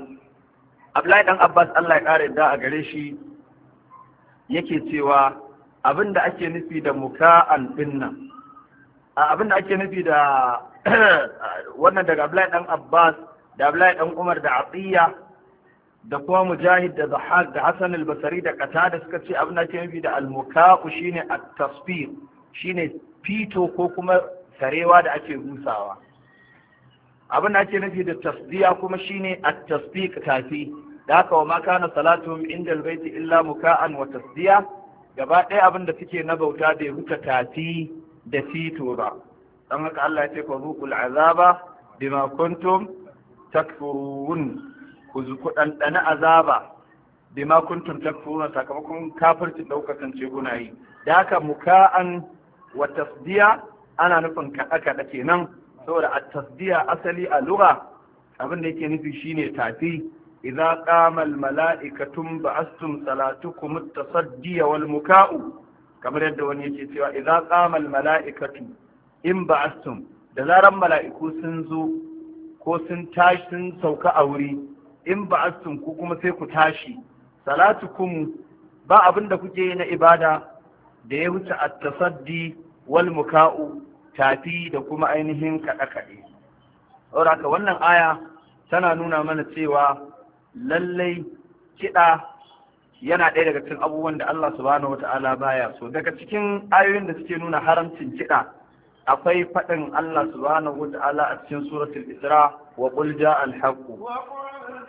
Abdullahi dan Abbas Allah ya kare da a gare shi yake cewa abinda ake nufi da muka'an dinnan abinda ake nufi da wannan daga Abdullahi dan Abbas da Abdullahi dan Umar da Atiya da kuma mujahid da zahaq da hasan al-basri da qatada suka ce abu na ke nufi da al-muka'u shine at-tasfir shine fito ko kuma sarewa da ake busawa abin ke nufi da tasdiya kuma shine at-tasdiq kafi da haka wa ma salatu inda al illa muka'an wa tasdiya gaba ɗaya abin da suke na bauta bai huta tafi da fito ba don haka Allah ya ce fa zuqul azaba bima kuntum takfurun ku ɗanɗana azaba bima kuntum takfuruna sakamakon kafircin da kuka kuna yi da haka muka'an wa tasdiya ana nufin kaɗa kaɗa kenan saboda a tasdiya asali a lura abin da yake nufi shine tafi idza qama al mala'ikatu ba'astum salatukum at-tasaddiya wal muka'u kamar yadda wani yake cewa idza qama al mala'ikatu in ba'astum da zaran mala'iku sun zo ko sun tashi sun sauka a wuri in ba'astum ku kuma sai ku tashi Salatu salatukum ba abin da kuke yi na ibada da ya wuce at-tasaddi wal muka'u tafi da kuma ainihin kaɗe-kaɗe. Saboda wannan aya tana nuna mana cewa lallai kiɗa yana ɗaya daga cikin abubuwan da Allah subhanahu wata'ala baya so daga cikin ayoyin da suke nuna haramcin kiɗa akwai faɗin Allah subhanahu wata'ala a cikin suratul Isra wa qul ja'a haqqu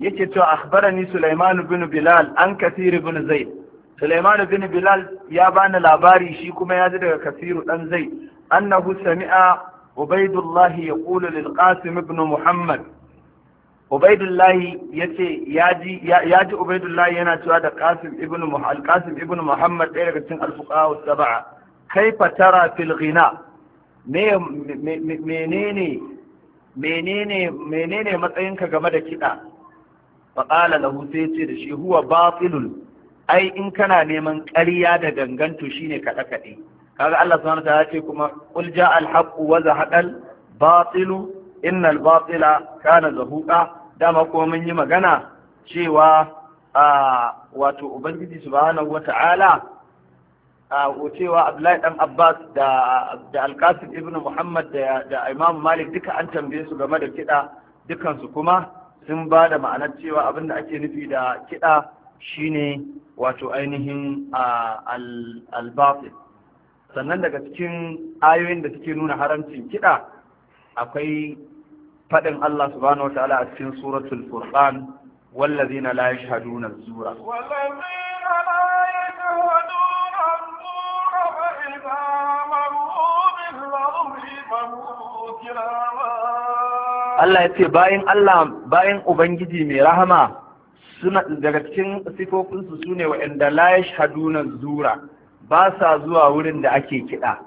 yake cewa akhbarani Sulaiman bin Bilal an Kathir bin Zaid Sulaiman bin Bilal ya bani labari shi kuma ya ji daga kasiru dan Zaid annahu sami'a Ubaidullah yaqulu lil Qasim ibn Muhammad Ubaidullah yace ya ji ya Ubaidullah yana cewa da Qasim ibn Muhammad Qasim ibn Muhammad daga cikin al-fuqaha sab'a kaifa tara fil ghina menene menene menene matsayinka game da kiɗa faƙala lahu sai ce da shi huwa ai in kana neman ƙarya da ganganto shine kaɗa kaɗe kaga Allah subhanahu ta'ala ce kuma qul ja'a al-haqqu wa zahaqa al-batilu batila kana zahuqa dama kuma mun yi magana cewa a wato ubangiji subhanahu wata'ala cewa Abdullahi dan Abbas da da Al-Qasim ibn Muhammad da da Imam Malik duka an tambaye su game da kida dukan su kuma sun ba da ma'anar cewa abin da ake nufi da kiɗa shine wato ainihin albafin sannan daga cikin ayoyin da suke nuna haramcin kiɗa akwai faɗin Allah subhanahu wa ta'ala a cikin suratul furqan wallazina la yashhaduna zura وإذا مروا باللغو مروا كراما Allah ya ce bayan Allah bayan Ubangiji mai rahama suna daga cikin sifofinsu su ne wa'anda la yashhaduna zura ba sa zuwa wurin da ake kiɗa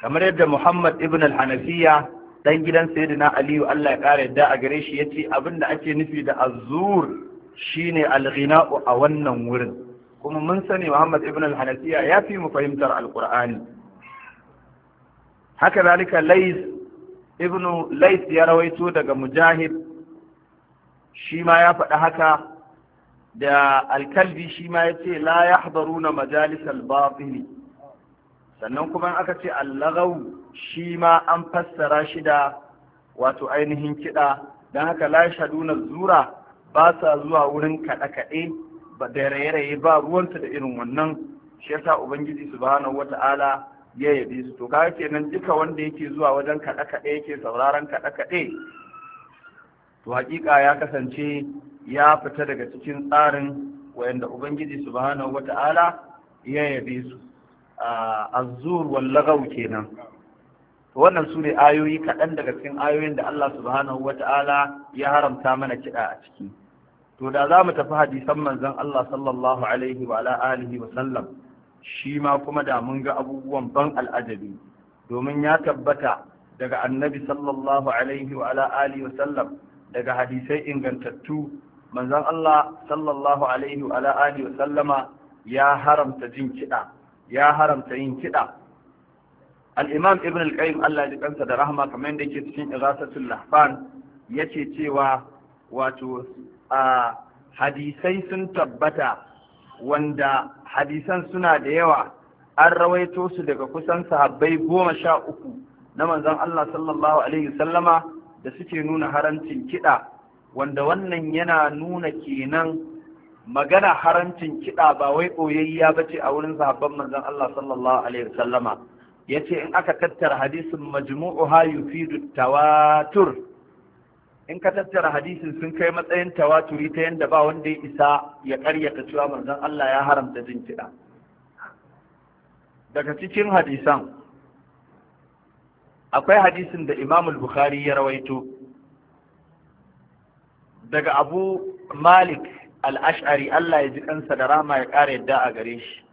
kamar yadda Muhammad ibn al-Hanafiya ɗan gidan Sayyidina Aliyu Allah ya ƙara da a gare shi ya ce abin da ake nufi da azur shine ne a wannan wurin kuma mun sani Muhammad ibn al-Hanafiya ya fi mu fahimtar al-Qur'ani haka zalika lais ibnu lais ya rawaito daga mujahid shi ma ya faɗi haka da alkalbi shi ma ya ce la ya haɗaru na majalisar babini sannan kuma aka ce allagau shi ma an fassara shi da wato ainihin kiɗa don haka la shaduna zura ba sa zuwa wurin kaɗe-kaɗe ba da raye-raye ba ruwanta da irin wannan shi sa ubangiji subhanahu wata'ala ya yabe su to kaga kenan duka wanda yake zuwa wajen kaɗe kaɗe yake sauraron kaɗe kaɗe to hakika ya kasance ya fita daga cikin tsarin wayanda ubangiji subhanahu wata'ala ya yabe su azzur wal lagaw kenan to wannan su ne ayoyi kaɗan daga cikin ayoyin da Allah subhanahu wata'ala ya haramta mana kiɗa a ciki to da za mu tafi hadisan manzon Allah sallallahu alaihi wa ala alihi wa sallam shi ma kuma da mun ga abubuwan ban al'ajabi domin ya tabbata daga annabi sallallahu alaihi wa alihi wa sallam daga hadisai ingantattu manzon Allah sallallahu alaihi wa alihi wa sallama ya haramta jin kiɗa ya haramta yin kiɗa al-imam ibn al-qayyim Allah ya kansa da rahma kamar yadda yake cikin irasatul lahfan yace cewa wato a hadisai sun tabbata wanda hadisan suna da yawa an rawaito su daga kusan sahabbai goma sha uku na manzon Allah sallallahu alaihi wasallama da suke nuna harancin kiɗa wanda wannan yana nuna kenan magana harancin kiɗa ba wai ɓoyayya ba ce a wurin sahabban manzon Allah sallallahu alaihi wasallama ce in aka tattara hadisin ha yufidu tawatur in ka tattara hadisin sun kai matsayin tawaturi ta yadda ba wanda ya isa ya karyata cewa manzon Allah ya haramta jin kiɗa daga cikin hadisan akwai hadisin da Imam Bukhari ya rawaito daga Abu Malik al-Ash'ari Allah ya ji kansa da rama ya ƙara yadda a gare shi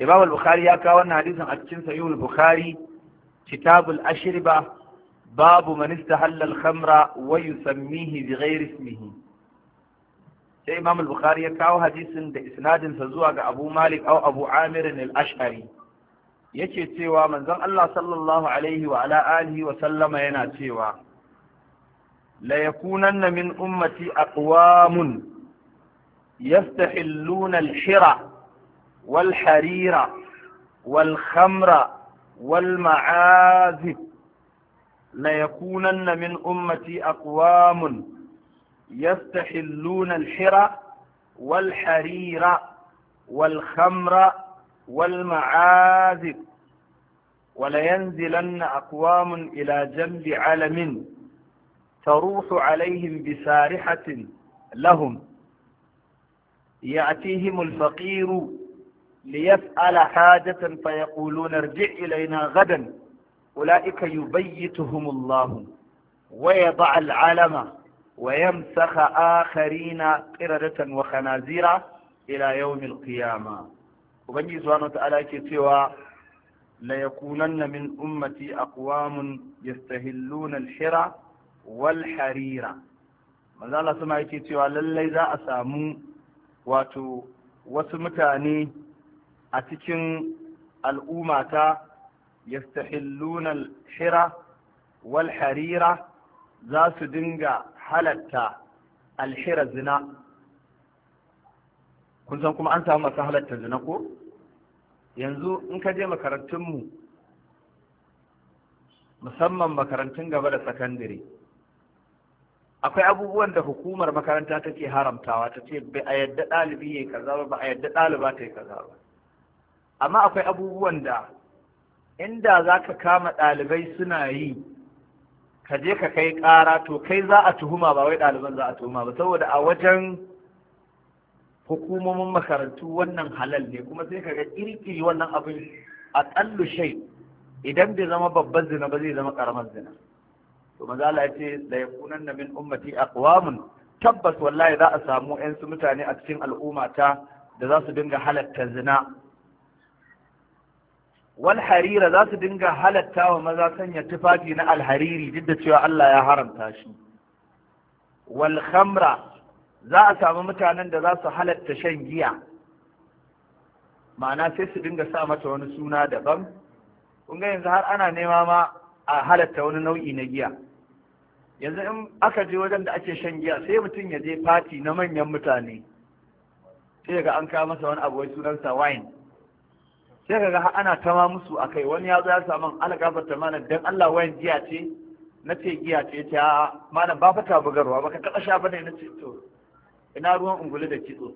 Imam Bukhari ya kawo wannan hadisin a cikin Sahih Bukhari Kitabul Ashriba babu man istahalla khamra wa yusammihi sai Imam al-Bukhari ya kawo hadisin da isnadin sa zuwa ga Abu Malik au Abu Amir al-Ash'ari yake cewa manzon Allah sallallahu alaihi wa ala alihi wa sallama yana cewa la yakunanna min ummati aqwamun yastahilluna al-hira wal harira wal khamra wal ma'azib ليكونن من أمتي أقوام يستحلون الحرى والحرير والخمر والمعازف ولينزلن أقوام إلى جنب علم تروح عليهم بسارحة لهم يأتيهم الفقير ليسأل حاجة فيقولون ارجع إلينا غدا ula'ika yubayyituhumullahu wa yadha al'alama wa yamsakha akharina qiradatan wa kanazira ila yawmil qiyama ubangiji subhanahu ta'ala yake cewa la yakunanna min ummati aqwamun yastahilluna al-hira wal harira manzo Allah sama yake cewa lallai za a samu wato wasu mutane a cikin al'ummata yastahilluna al-hira wal harira za su dinga halatta alhira zina kun san kuma an samu masu halatta zina ko yanzu in ka je makarantunmu musamman makarantun gaba da sakandare akwai abubuwan da hukumar makaranta take haramtawa ta ce ba a yadda ɗalibi ya kaza ba ba a yadda ɗaliba ta yi kaza ba amma akwai abubuwan da inda za ka kama ɗalibai suna yi ka je ka kai ƙara to kai za a tuhuma ba wai ɗaliban za a tuhuma ba saboda a wajen hukumomin makarantu wannan halal ne kuma sai ka ga ƙirƙiri wannan abin a ƙallu shai idan bai zama babban zina ba zai zama ƙaramar zina to maza Allah ya ce kunan na min ummati aqwamun tabbas wallahi za a samu 'yansu mutane a cikin al'ummata da za su dinga halatta zina wal harira za su dinga halatta wa maza sanya tufafi na alhariri duk da cewa Allah ya haramta shi wal za a samu mutanen da za su halatta shan giya ma'ana sai su dinga sa mata wani suna daban kun ga yanzu har ana nema ma a halatta wani nau'i na giya yanzu in aka je wajen da ake shan giya sai mutum ya je fati na manyan mutane sai ga an kawo masa wani abu wai sunansa wine sai kaga ana tama musu a kai wani ya zo ya samu alƙafar ta mana. dan Allah wayan giya ce na ce giya ce ta mana ba fata bugarwa ba ka taɓa sha bane na ce to ina ruwan ungulu da kitso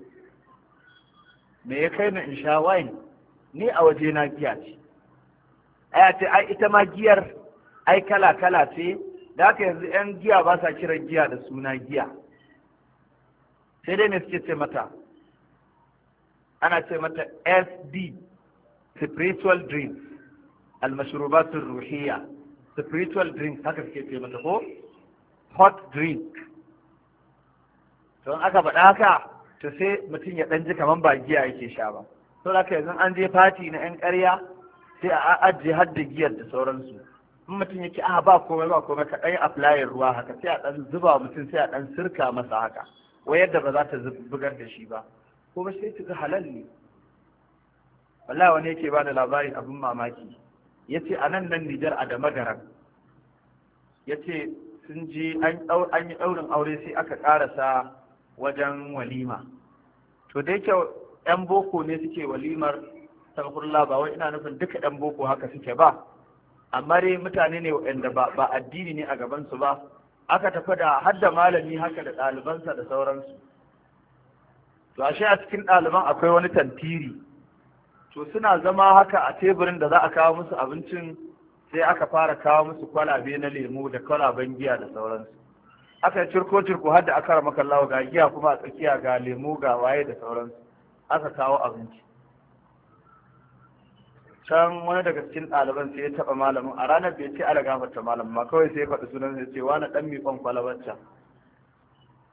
me ya kai na in sha wayan ni a waje na giya ce aya ce ai ita ma giyar ai kala kala ce da haka yanzu 'yan giya ba sa kiran giya da suna giya sai dai me suke ce mata ana ce mata sd spiritual drinks almashrubatul ruhiya spiritual drinks haka suke ce mata ko hot drink to aka faɗa haka to sai mutum ya ɗan ji kamar ba giya yake sha ba to haka yanzu an je fati na ƴan ƙarya sai a ajiye har da giyar da sauransu in mutum yake a ah, ba komai ba komai ka ɗan yi aflayin ruwa haka sai a ɗan zuba mutum sai a ɗan sirka masa haka wai yadda ba za ta bugar da shi ba kuma sai ta halal ne wallahi wani yake ba da labari abin mamaki ya ce a nan nan nijar a da magaran ya ce sun ji an yi ɗaurin aure sai aka ƙarasa wajen walima to dai yake 'yan boko ne suke walimar sarfurla ba wai ina nufin duka 'yan boko haka suke ba amma dai mutane ne waɗanda ba addini ne a gabansu ba aka tafi da hadda malami haka da ɗalibansa da sauransu to ashe a cikin ɗaliban akwai wani tantiri to suna zama haka a teburin da za a kawo musu abincin sai aka fara kawo musu kwalabe na lemu da kwalaben giya da sauransu aka cirko cirko har da aka rama kallawa ga giya kuma a tsakiya ga lemu ga waye da sauransu aka kawo abinci can wani daga cikin ɗaliban sai ya taɓa malamin a ranar bai ce ala gafarta malamin ma kawai sai ya faɗi sunan sai ce wani ɗan miƙon kwalabarta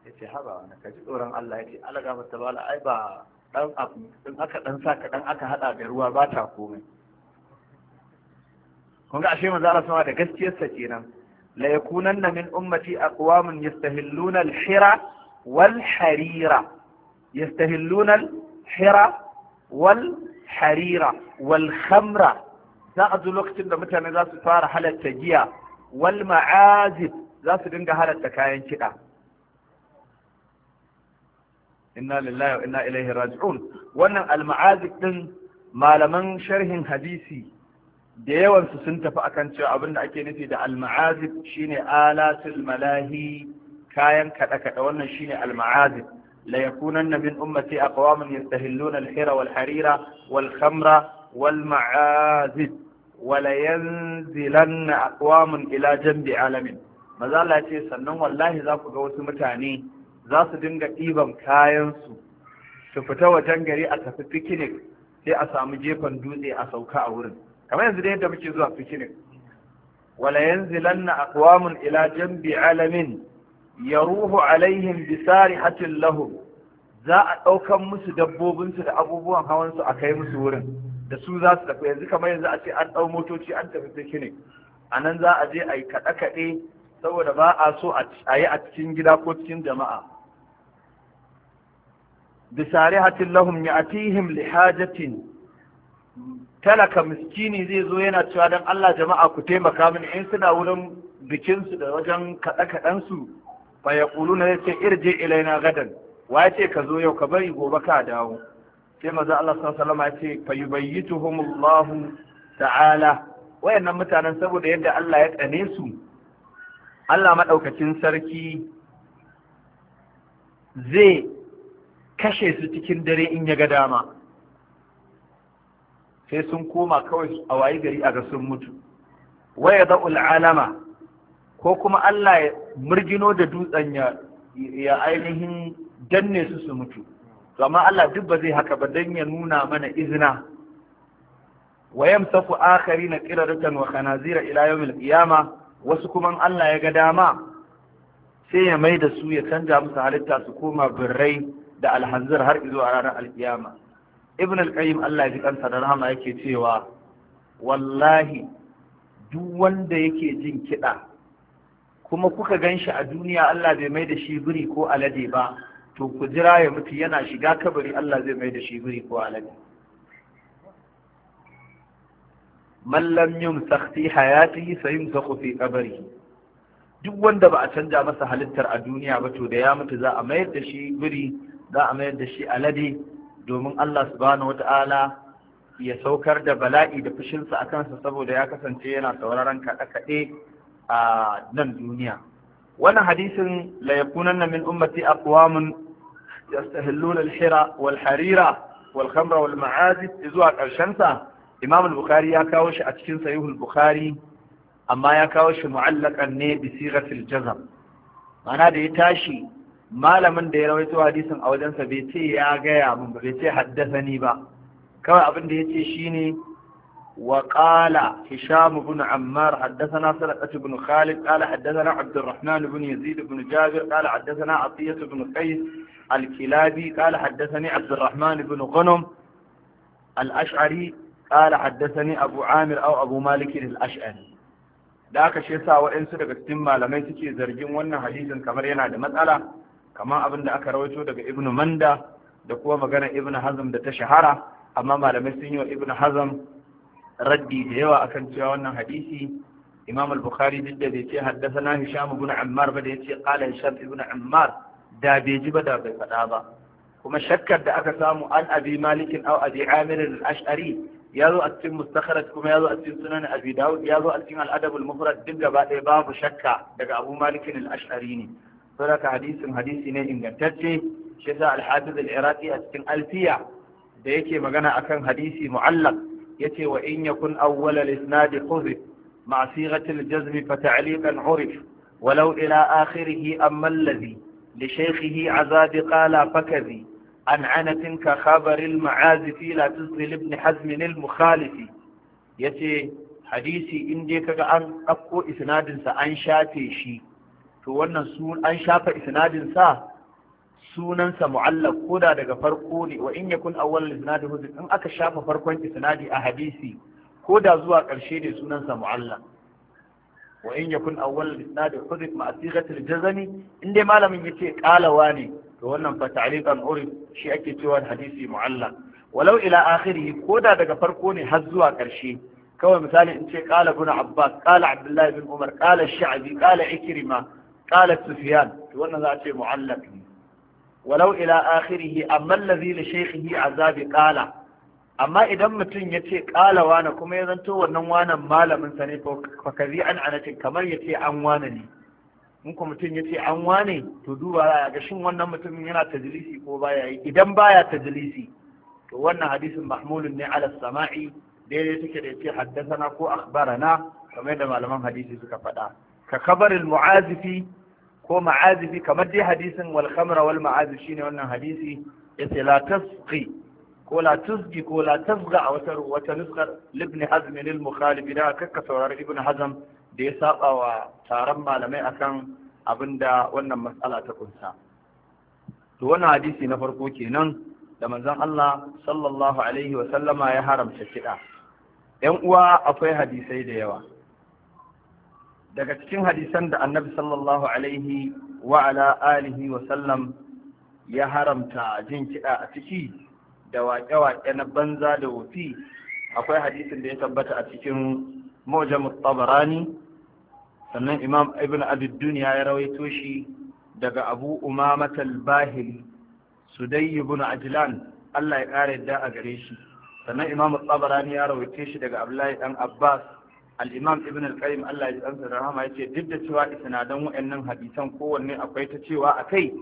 ya ce haba wani ka tsoron Allah ya ce ala gafarta malamin ai ba dan abu in aka dan sa kaɗan aka hada da ruwa ba ta komai kun ga ashe manzo sama da gaskiyarsa kenan la yakunanna min ummati aqwamun yastahilluna al-hira wal harira yastahilluna al-hira wal harira wal khamra za a zo lokacin da mutane za su fara halatta giya wal ma'azib za su dinga halatta kayan kiɗa inna lillahi wa inna ilaihi raji'un wannan al-ma'azik din malaman sharhin hadisi da yawansu sun tafi akan cewa abinda ake nufi da al-ma'azib shine alatul malahi kayan kada kada wannan shine al-ma'azib la yakunanna min ummati aqwamun yastahilluna al-hira wal harira wal khamra wal ma'azib wa yanzilanna aqwamun ila jambi alamin maza Allah ce sannan wallahi za ku ga wasu mutane za su dinga ɗiban kayansu su fita wajen gari a tafi picnic sai a samu jefan dutse a sauka a wurin kamar yanzu da yadda muke zuwa picnic wala yanzu yanzilanna aqwamun ila jambi alamin ya alaihin bisari hatin lahu. za a ɗaukan musu dabbobinsu da abubuwan hawansu a kai musu wurin da su za su tafi yanzu kamar yanzu a ce an ɗau motoci an tafi picnic a nan za a je a yi kaɗe-kaɗe saboda ba a so a yi a cikin gida ko cikin jama'a bisarihatin lahum ya'tihim lihajatin talaka miskini zai zo yana cewa dan Allah jama'a ku taimaka mini in suna wurin bikin su da wajen kada kadan su fa yaquluna yace irji ilaina gadan wa yace ka zo yau ka bari gobe ka dawo sai manzo Allah sallallahu alaihi wasallam yace fa yubayyituhum Allah ta'ala wayannan mutanen saboda yadda Allah ya tsane su Allah maɗaukacin sarki zai kashe su cikin dare in ya ga dama sai sun koma kawai a wayi gari a ga sun mutu waya za'ul alama ko kuma Allah ya murgino da dutsen ya ya ainihin danne su su mutu amma Allah duk ba zai haka ba dan ya nuna mana izina wa akari na qiraratan wa khanazira ila yawmil qiyama wasu kuma Allah ya ga dama sai ya mai da su ya canja musu halitta su koma birrai da alhanzir har izo a ranar alkiyama ibn al-qayyim Allah ji kansa da rahama yake cewa wallahi duk wanda yake jin kiɗa kuma kuka ganshi a duniya Allah bai mai da shi biri ko alade ba to ku jira ya mutu yana shiga kabari Allah zai mai da shi biri ko alade man lam yumsakh hayatihi sayumsakh fi qabrihi duk wanda ba a canja masa halittar a duniya ba to da ya mutu za a mayar da shi biri za a mayar da shi alade domin Allah subhanahu wata'ala ya saukar da bala'i da fushinsa a kansa saboda ya kasance yana sauraron kaɗe-kaɗe a nan duniya wannan hadisin la yakunanna min ummati aqwamun yastahilluna al-hira wal harira wal khamra wal zuwa karshen sa imam al-bukhari ya kawo shi a cikin sahih al-bukhari amma ya kawo shi mu'allakan ne bi sighatil jazm ma'ana da ya tashi malamin da ya rawaito hadisin a wajensa bai ce ya gaya min ba bai ce haddasa ni ba kawai abin da ya ce shine wa qala hisham ibn ammar haddasa na sadaqa ibn khalid ƙala haddasa na alrahman ibn yazid ibn jabir ƙala qala haddathana atiyah ibn qais الكلابي قال حدثني عبد الرحمن بن غنم الأشعري قال حدثني أبو عامر abu أبو Al-Ashari da aka shi yasa waɗansu daga cikin malamai suke zargin wannan hadisin kamar yana da matsala kamar abin da aka rawaito daga ibnu manda da kuma magana ibnu hazm da ta shahara amma malamai sun yi wa ibnu hazm raddi da yawa akan cewa wannan hadisi imam al-bukhari duk da bai ce haddathana hisham ibn ammar ba da yace qala hisham ibn ammar da bai ji ba da bai faɗa ba kuma shakkar da aka samu an abi malik aw abi amir al-ash'ari ya zo a cikin mustakhraj kuma ya zo a cikin sunan abi dawud ya zo a cikin al-adab al-mufrad duk gaba ɗaya babu shakka daga abu malik al-ash'ari ne saraka hadisin hadisi ne ingantacce shi sa alhadis al-iraqi a cikin alfiya da yake magana a kan hadisi mu'allaq yace wa in yakun awwal al-isnad qudh ma sighat al-jazm fa ta'liqan urif walau ila akhirih amma alladhi li shaykhihi azab qala fakazi an anatin ka khabar al-ma'azi fi la tusli ibn mukhalifi yace hadisi in dai kaga an akko isnadin an shafe shi to wannan sun an shafa isnadin sa sunansa mu'allaq da daga farko ne wa in yakun awwal isnadi hudud in aka shafa farkon isnadi a hadisi ko da zuwa karshe ne sunansa mu'allaq wa in yakun awwal isnadi hudud ma asighati al-jazmi in dai malamin yace qalawa ne to wannan fa ta'liqan urib shi ake cewa hadisi mu'allaq walau ila akhirih da daga farko ne har zuwa karshe kawai misali in ce qala ibn abbas qala abdullahi bin umar qala ash-sha'bi qala ikrima قالت سفيان وانا ذات معلق ولو إلى آخره أما الذي لشيخه عذاب قال أما إذا متن يتي قال وانا كما يزنتو ونوانا مالا من سنة فكذي عن عنة an يتي ne. in ko mutum ya ce an wane to duba ga shin wannan mutumin yana tajlisi ko baya yi idan baya tajlisi to wannan hadisin mahmulun ne ala sama'i daidai take da yace haddathana ko akhbarana kamar da malaman hadisi suka faɗa ka kabarin mu'azifi ko ma'azifi kamar dai hadisin wal khamra wal ma'azif shine wannan hadisi yace la ko la tasqi ko la tasga a wata wata nuskar ibn hazm al mukhalif da kakka saurari ibn hazm da ya saba wa taron malamai akan abinda wannan matsala ta kunsa to wannan hadisi na farko kenan da manzon Allah sallallahu alaihi wa sallama ya haramta kiɗa. ‘yan uwa akwai hadisai da yawa daga cikin hadisan da annabi sallallahu alaihi wa ala alihi wa sallam ya haramta jin kiɗa a ciki da waƙe-waƙe na banza da wofi akwai hadisin da ya tabbata a cikin mujam tabarani sannan imam ibn abid ya rawaito shi daga abu umamat al-bahili sudai ibn ajlan Allah ya ƙara yadda a gare shi sannan imam tabarani ya rawaito shi daga abdullahi dan abbas al-imam ibn al-qayyim Allah ya tsansa rahama yace duk da cewa isnadan wayannan hadisan kowanne akwai ta cewa akai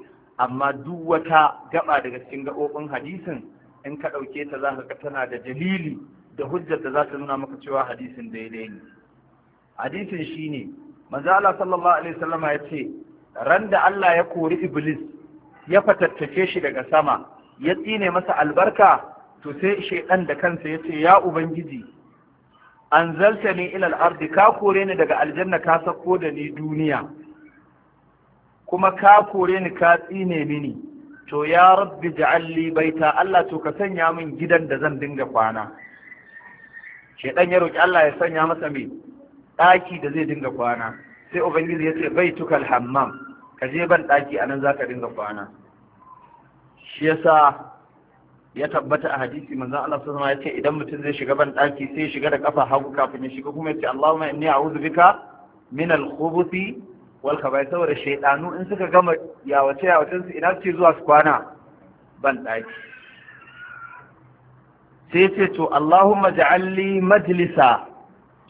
amma duk wata gaba daga cikin gabobin hadisin in ka ɗauke ta za ga tana da dalili da hujjar da za ta nuna maka cewa hadisin daidai ne hadisin shine manzo Allah sallallahu alaihi wasallam ya ce ran da Allah ya kori iblis ya fatattake shi daga sama ya tsine masa albarka to sai shaidan da kansa yace ya ubangiji anzalta ni ilal ardi ka kore ni daga aljanna ka sako da ni duniya kuma ka kore ni ka tsine mini to ya rabbi ja'al li baita Allah to ka sanya min gidan da zan dinga kwana shedan ya roki Allah ya sanya masa me daki da zai dinga kwana sai ubangiji ya ce al hammam ka je ban daki anan zaka dinga kwana shi yasa ya tabbata a hadisi manzon Allah sallallahu alaihi wasallam idan mutum zai shiga ban daki sai ya shiga da kafa hagu kafin ya shiga kuma ya ce Allahumma inni a'udhu bika min al-khubuthi wal khaba'ith saboda shaydanu in suka gama yawace wace su ina ce zuwa su kwana ban daki sai ce to Allahumma ja'alli majlisa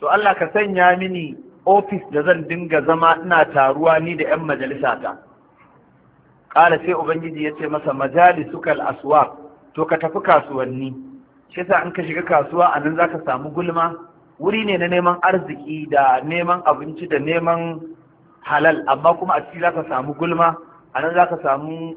to Allah ka sanya mini ofis da zan dinga zama ina taruwa ni da 'yan majalisa majalisata. Ƙala sai Ubangiji ya ce masa majalisukal aswaq to ka tafi kasuwanni shi yasa in ka shiga kasuwa a nan za ka samu gulma wuri ne na neman arziki da neman abinci da neman halal amma kuma a ciki za ka samu gulma a nan ka samu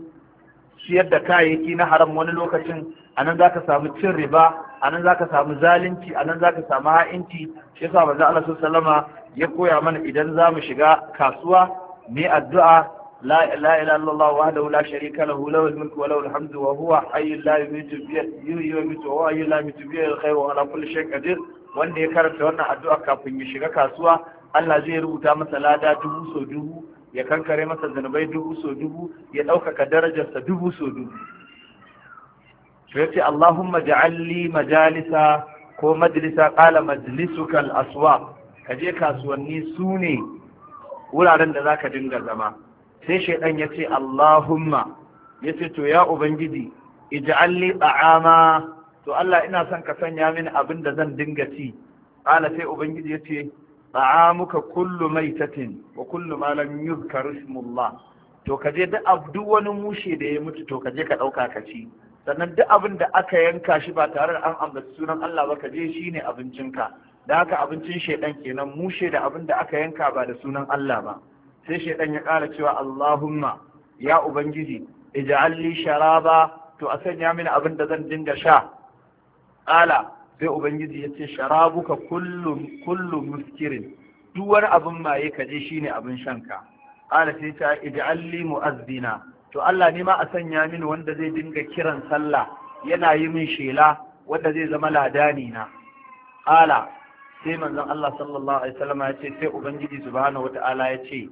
siyar da kayayyaki na haram wani lokacin a nan za ka samu cin riba a nan za ka samu zalunci a nan za ka samu ha'inci shi yasa manzo Allah sallama ya koya mana idan za mu shiga kasuwa ne addu'a لا إله إلا الله وحده لا شريك له له الملك وله الحمد وهو حي لا يميت بيده وهو حي لا يميت بيده الخير وعلى كل شيء قدير wanda ya karanta wannan addu'a kafin ya shiga kasuwa Allah zai rubuta masa lada dubu so dubu ya kankare masa zanubai dubu so dubu ya daukaka darajarsa dubu so dubu to yace Allahumma ja'alli majalisa ko majlisa qala majlisuka al-aswa kaje kasuwanni sune wuraren da zaka dinga zama sai shaidan ya ce Allahumma ya ce to ya ubangiji ij'alli ta'ama to Allah ina son ka sanya mini abin da zan dinga ci qala sai ubangiji ya ce ta'amuka kullu maitatin wa kullu ma lam yuzkar ismullah to ka je duk wani mushe da ya mutu to ka je ka dauka ka ci sannan duk abin da aka yanka shi ba tare da an ambaci sunan Allah ba ka je ne abincinka da haka abincin shaidan kenan mushe da abin da aka yanka ba da sunan Allah ba sai shaidan ya ƙara cewa Allahumma ya ubangiji ij'alli sharaba to a sanya mini abin da zan dinga sha ƙala sai ubangiji ya ce sharabuka kullum kullum muskirin duk wani abin maye ka je shine abin shanka ƙala sai ta ij'alli mu'azzina to Allah ne ma a sanya mini wanda zai dinga kiran sallah yana yi min shela wanda zai zama ladani na ƙala sai manzon Allah sallallahu alaihi wasallam ya ce sai ubangiji subhanahu wata'ala ya ce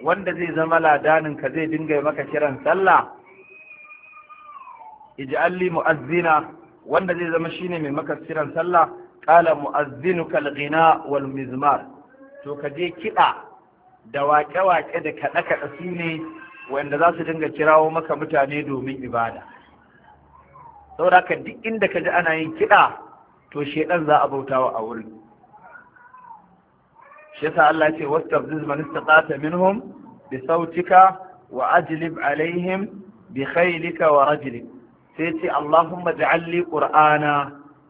wanda zai zama ladanin ka zai dinga maka kiran sallah ij'alli mu'azzina wanda zai zama shine mai maka kiran sallah qala mu'azzinuka al-ghina wal mizmar to ka je kida da waƙe-waƙe da kaɗe-kaɗe su ne wanda za su dinga kirawo maka mutane domin ibada saboda duk inda ka ji ana yin kiɗa to shedan za a bautawa a wurin shi yasa Allah ya ce wastabdiz man istata minhum bi sautika wa ajlib alaihim bi khaylika wa rajlik sai ce Allahumma ja'alli qur'ana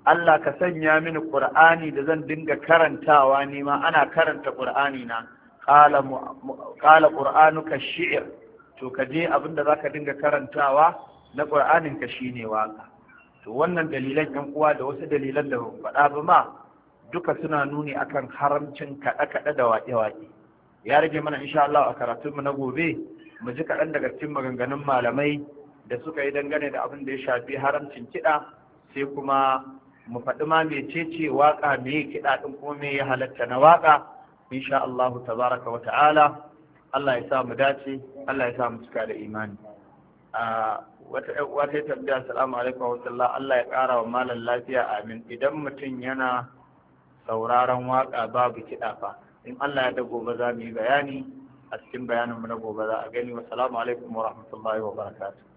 Allah ka sanya mini qur'ani da zan dinga karantawa ne ma ana karanta qur'ani na qala qala qur'anuka shi'r to ka je abinda zaka dinga karantawa na qur'anin ka shine waka to wannan dalilan yan uwa da wasu dalilan da ban faɗa ba ma duka suna nuni akan haramcin kaɗe-kaɗe da waƙe-waƙe ya rage mana insha Allah a karatunmu na gobe mu ji kaɗan daga cikin maganganun malamai da suka yi dangane da abin da ya shafi haramcin kiɗa sai kuma mu faɗi ma mecece waƙa me kiɗa ɗin kuma me ya halatta na waƙa insha Allah tabaraka wa ta'ala Allah ya sa mu dace Allah ya sa mu cika da imani wata ƴan uwa ta tambaya assalamu alaikum wa Allah ya ƙara wa malam lafiya amin idan mutum yana sauraron waka babu kiɗa fa in Allah ya da gobe za mu yi bayani a cikin bayaninmu na gobe za a gani wa salamu alaikum wa rahmatullahi wa barakatuh